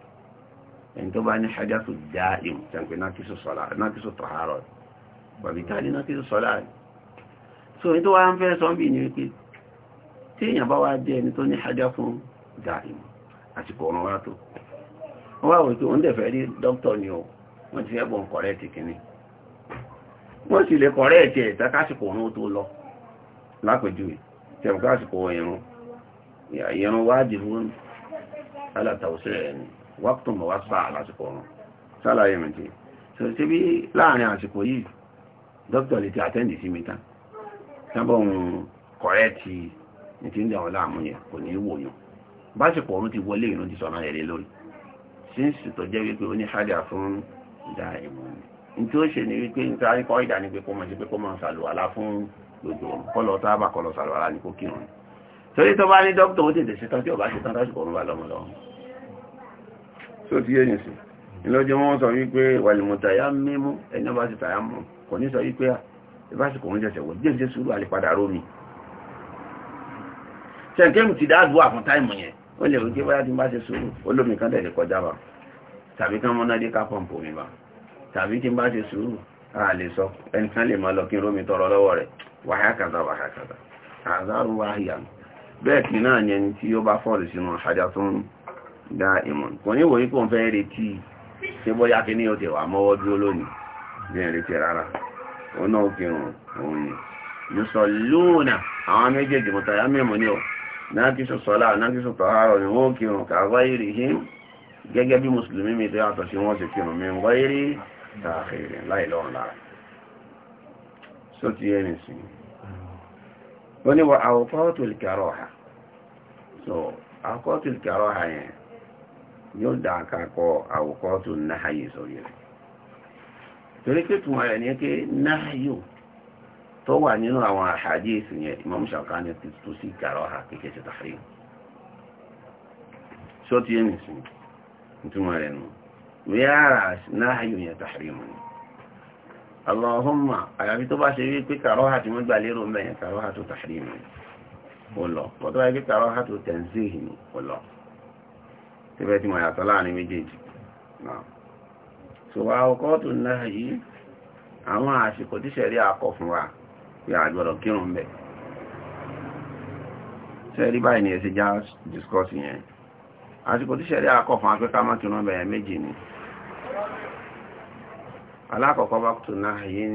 ẹni tó bá ní hajjáfì dáyé tẹ́ǹpé nákìsù tọ̀hárọ̀ bàbí tàbí nákìsù sọ́lá so ní tó wá ń fẹ́ sọ́mbì ní wípé tí èèyàn bá wá jẹ́ ẹni tó ní hajjáfì dáyé àsìkò ọ̀run wá tó wọ́n wá wò pé òun dẹ̀fẹ́ rí dókítọ̀ ni o wọ́n ti fẹ́ bọ̀ alátàwọ̀sẹ̀ ẹni wákùtù mọ̀ wá sá lásìkò ọ̀run sálàyé mi ti so ṣe bí láàrin àsìkò yìí dókítà lè ti àtẹ́ǹdì sí mi tán sábà òun kọ̀rẹ́ẹ̀tì ní ti ń dàwọn láàmú yẹn kò ní wò yàn básìkò ọ̀run ti wọlé ìrún ti sọ̀nà ẹ̀rẹ́ lórí sínsì tó jẹ́ wípé ó ní ṣáàdà fún ìdá ìmọ̀ ní tí ó ṣe ni wípé ń tarí kọ́ ìdá ní pé kó mọ̀ sí pé kó mọ̀ sàlùwàlá fún gbogbo kọ́lọ̀ tábà kọ́lọ̀ sàlùwàlá ní kó kírun ni torí tó bá ní dókítà ó tètè ṣetán tí ò bá ṣetán tásìkò ọ̀run bá lọ́mọ lọ́wọ́ tí ó ti yé yìí sí ìlọ́jọ́ wọn sọ wípé wàlìmọ̀tà yá mímú ẹni bá ti tàyà mọ̀ kò ní sọ wípé ìbásìkò oúnjẹ ṣẹ̀wọ̀ díẹ̀ ṣe sùúrù àlepadà rómi ṣẹ̀kẹ́mù ti dáàbò àfún táìmù yẹn ó lè rí pé báyá ti bá ṣe sùúrù olómi kan tẹ̀lé kọjá bá tàbí kán mọ́ná dé ká pọ̀mpù mi bá tàbí tí bá ṣe sùúrù a lè sọ ẹnìkan lè máa lọ kí rómi tọrọ lọ́wọ́ rẹ̀ wàhákàdà wàhákàdà àzárù wáhìyànù bẹ́ẹ̀kì náà yẹn tí ó bá fọ́ọ̀lù sínú àjá tó ń dá ìmọ̀ kò ní wòye kò ń fẹ́ retí ṣe bóyá kí ní ó tẹ̀wà mọ́wọ́ dúró lónìí bí ẹ̀rẹ́ tẹ̀ rárá ó náà ó kírun òun ni yùsọ̀ lóòna àwọn méjèèjì mọ̀tàyà mẹ́mọ̀ ní ọ̀ náà kí sọ̀sọ̀ láà náà kí sọ̀tọ̀ àárọ̀ ni wọ́n kírun kàwá ìrì hí gẹ́gẹ́ bí mùsùlùmí mi tó yàtọ̀ sí wọ́n sì kírun mi wọ́n ìrì tààkiri láì lọ́rùn lára só ti ẹni sìn onye a wọ́n àwọ̀kọ́tù ha so àwọ̀kọ́tù ha yẹn yóò dá náhàyè torí pé rẹ̀ ní náhàyò tó wà nínú àwọn sí ha kéèké ṣe tàfí sọ́tí yẹn nìsín ìtumọ̀ rẹ̀ nù wíyára náhàyò yẹn Allahumma àyàfi tó bá ṣe rí pé kàrọ́hà tí wọ́n gbà lérò mẹ́yìn kàrọ́hà tó tahrim ọlọ pọ̀tọ́ ẹgbẹ́ kàrọ́hà tó tanzih ni ọlọ tẹ́fẹ́ tí wọ́n yàtọ̀ láàrin méjèèjì náà so wa ọkọ̀ tó náà yìí àwọn àsìkò tí sẹ̀rí akọ fún wa pé àgbọ̀dọ̀ kírun bẹ̀ báyìí ni ẹ ṣe já discourse yẹn àsìkò tí sẹ̀rí akọ fún wa pé bẹ̀ yẹn méjì ni alákọ̀ọ́kọ́ wákàtù náà yìí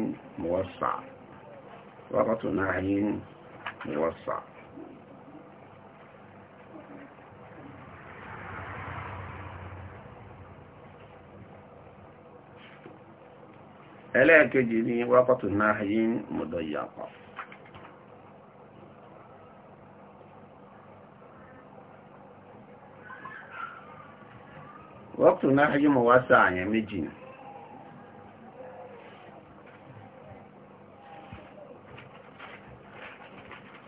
mọ̀wọ́sà wákàtù náà yìí mọ̀wọ́sà ẹlẹ́ẹ̀kejì ní wákàtù náà yìí mọ̀dọ̀yàpọ̀ wákàtù náà yìí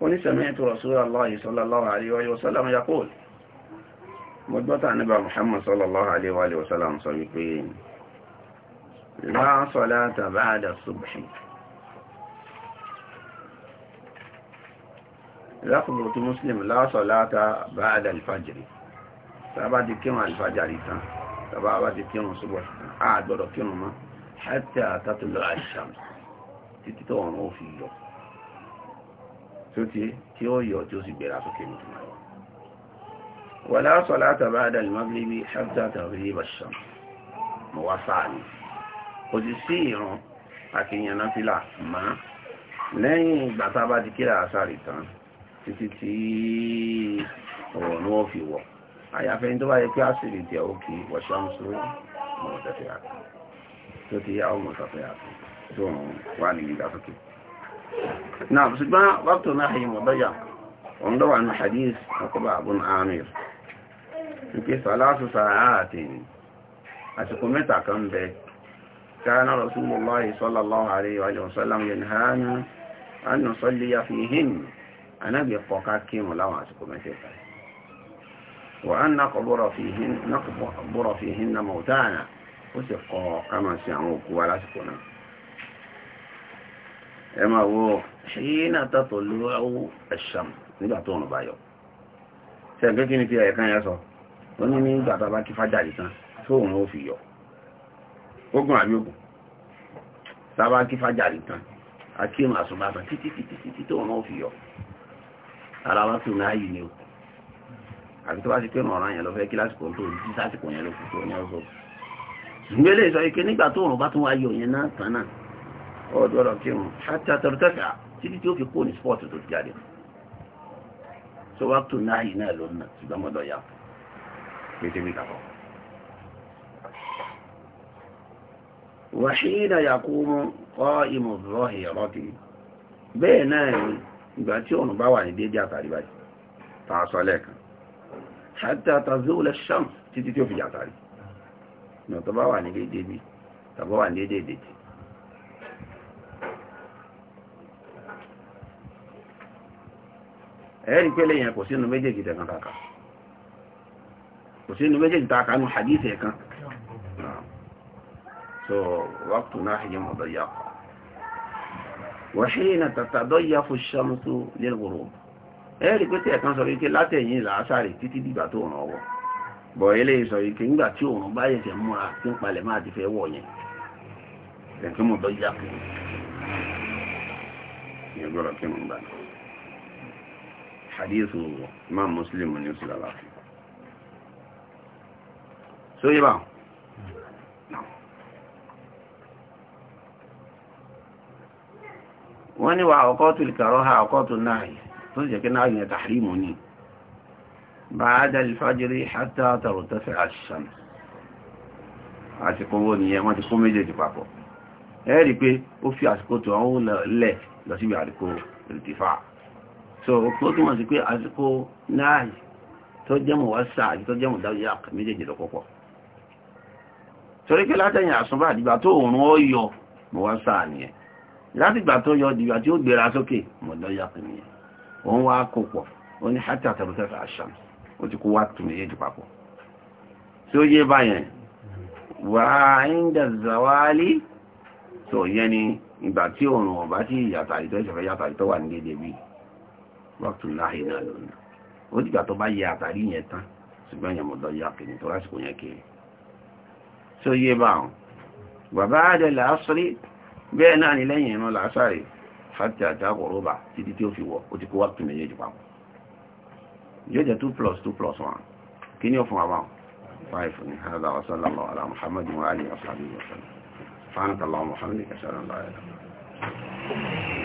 وني سمعت رسول الله صلى الله عليه وآله وسلم يقول مدبطة نبع محمد صلى الله عليه وآله وسلم صديقين لا صلاة بعد الصبح لفظ مسلم لا صلاة بعد الفجر تبا دي كما الفجر تبا دي كما الصبح قاعد بدو كما حتى تطلع الشمس تتتون في اليوم tó ti tí ó yọ tí ó sì gbéra sókè ní tìmọ̀ wà láàṣọ látàbá adàlmọ́gbé bí ṣáàtà rí bàṣán mọ̀ wá sáà ni kò sí sí ìran akínyànná fílà má lẹ́yìn ìgbà tá bá ti kíra àṣàrì tán títí tí ọ̀rọ̀ ní wọ́n fi wọ̀ àyàfẹ́ tó bá yẹ pé àṣírí tẹ̀ òkè wọ̀ṣọ́mṣó mọ̀ tẹ̀fẹ̀ àti tó ti yá ọmọ tẹ̀fẹ̀ àti tó wà ní ìdásókè náà ṣùgbọ́n wákùtù náà yìí mọ̀ bẹ́yà wọ́n dọ́wà ní hadith ọkọ̀bà àbún amir nke sàlásù sàáàtì àsìkò mẹ́ta kan bẹ كان رسول الله صلى الله عليه وآله وسلم ينهانا أن نصلي فيهن Ànábì kọ̀ ká kírun láwọn àsìkò mẹ́tẹ̀ẹ̀ta wà á nàkọ̀bọ̀rọ̀ fìhìn nàmọ̀tánà ó sì kọ̀ ká máa sin àwọn òkú wa lásìkò náà ẹ máa wọ ṣíyínà tàtọ̀ lówó ẹ̀ṣàm nígbà tó ọ̀nà bá yọ ṣẹ̀gbẹ́ kí ni fi ẹ̀ẹ̀kan yẹn sọ ó ní ní ìgbà tàbá kí fájàrí tán tó òun ó fi yọ ogun àbí ogun tàbá kí fájàrí tán akíyèmọ̀ àsùnbàtàn títí títí títí tó òun ó fi yọ ara wa tó náà yìí ni o àbí tó bá ti pé ọ̀ràn yẹn lọ fẹ́ kí lásìkò tó jí sásìkò yẹn ló fi tó ní ọ̀sọ̀ ṣùgbọ́n ìsọ ike nígbà tó òun bá tún wá yẹn náà tán náà ọ̀dọ̀ ọ̀rọ̀ kí wọn ṣáàtì àtọ̀rọ̀tẹ́fà títí tí ó fi kó ní spọ́ọ̀tù tó jáde so wá tó náà yìí náà lónà ṣùgbọ́n mọ́dọ̀ yà pété mi kàkọ́ wàṣíìnà bẹ́ẹ̀ náà ni ìgbà tí ọ̀nà bá wà ní déédéé ta sọ lẹ́ẹ̀kan ṣáàtì àtàzóòlẹ̀ ṣàm títí fi yàtàrí ìgbà tó bá wà ní bí tàbí ní ẹ̀rí pé lẹ́yìn kò sínú méjèèjì tẹ̀kan kàkà kò sínú méjèèjì tàkà ní hadith ẹ̀kan so wákùtù náà hìyẹ mọ̀ dọ̀yà kọ̀ wọ̀ṣẹ́ ìnà tàtà dọ́yà fún ṣàmùtú lẹ́gbòrò ẹ̀rí pé tẹ̀kan sọ wípé látẹ̀yìn làásàrè títí dìgbà tó ràn ọwọ́ bọ̀ eléyìí sọ wípé nígbà tí òun bá yẹ̀sẹ̀ fẹ́ wọ̀ yẹn hadithu imam muslim ní oṣù lálàáfí so yíba wọ́n ni wà ọkọ́tù ìkàrọ́ ha ọkọ́tù náà tó jẹ́ kí náà yẹn tàhírímù ní بعد الفجر حتى ترتفع الشمس àsìkò wo nìyẹn wọ́n ti kún méjèèjì papọ̀ ẹ rí pé ó fi àsìkò tó àwọn lẹ̀ lọ síbi àríkò ìrìtìfà so ó túnmọ̀ sí pé àsìkò náàyì tó jẹ́mù wá sáà àti tó jẹ́mù dáwíyà méjèèjì lọ pọ̀pọ̀ torí pé látẹ̀yìn àsùnbà àdìgbà tó òòrùn ó yọ mọ̀ wá sáà nìyẹn látìgbà tó yọ dìgbà tí ó gbéra sókè mọ̀ dáwíyà nìyẹn òun wá kó pọ̀ ó ní hátì àtàrútẹ́fẹ́ ìgbà tí òòrùn ọ̀bá tí ìyàtà ìtọ́ ìṣẹ̀fẹ́ yàtà ìtọ́ wà ní dédé bíi wọ́tù láàyè náà lónìí ó dìgbà tó bá yẹ àtàrí yẹn tán ṣùgbọ́n kiri tí ó yé bá wọn bàbá àdẹ làásọrí bẹ́ẹ̀ náà ni lẹ́yìn ìran làásàrè fàtí àjáwọ̀ rọ́bà títí tí ó fi wọ̀ plus two plus one kí ni ó fún wa báwọn five ni hàdà wa sallallahu ala muhammadu wa alihi wa sallam muhammadu kẹsàn-án láyé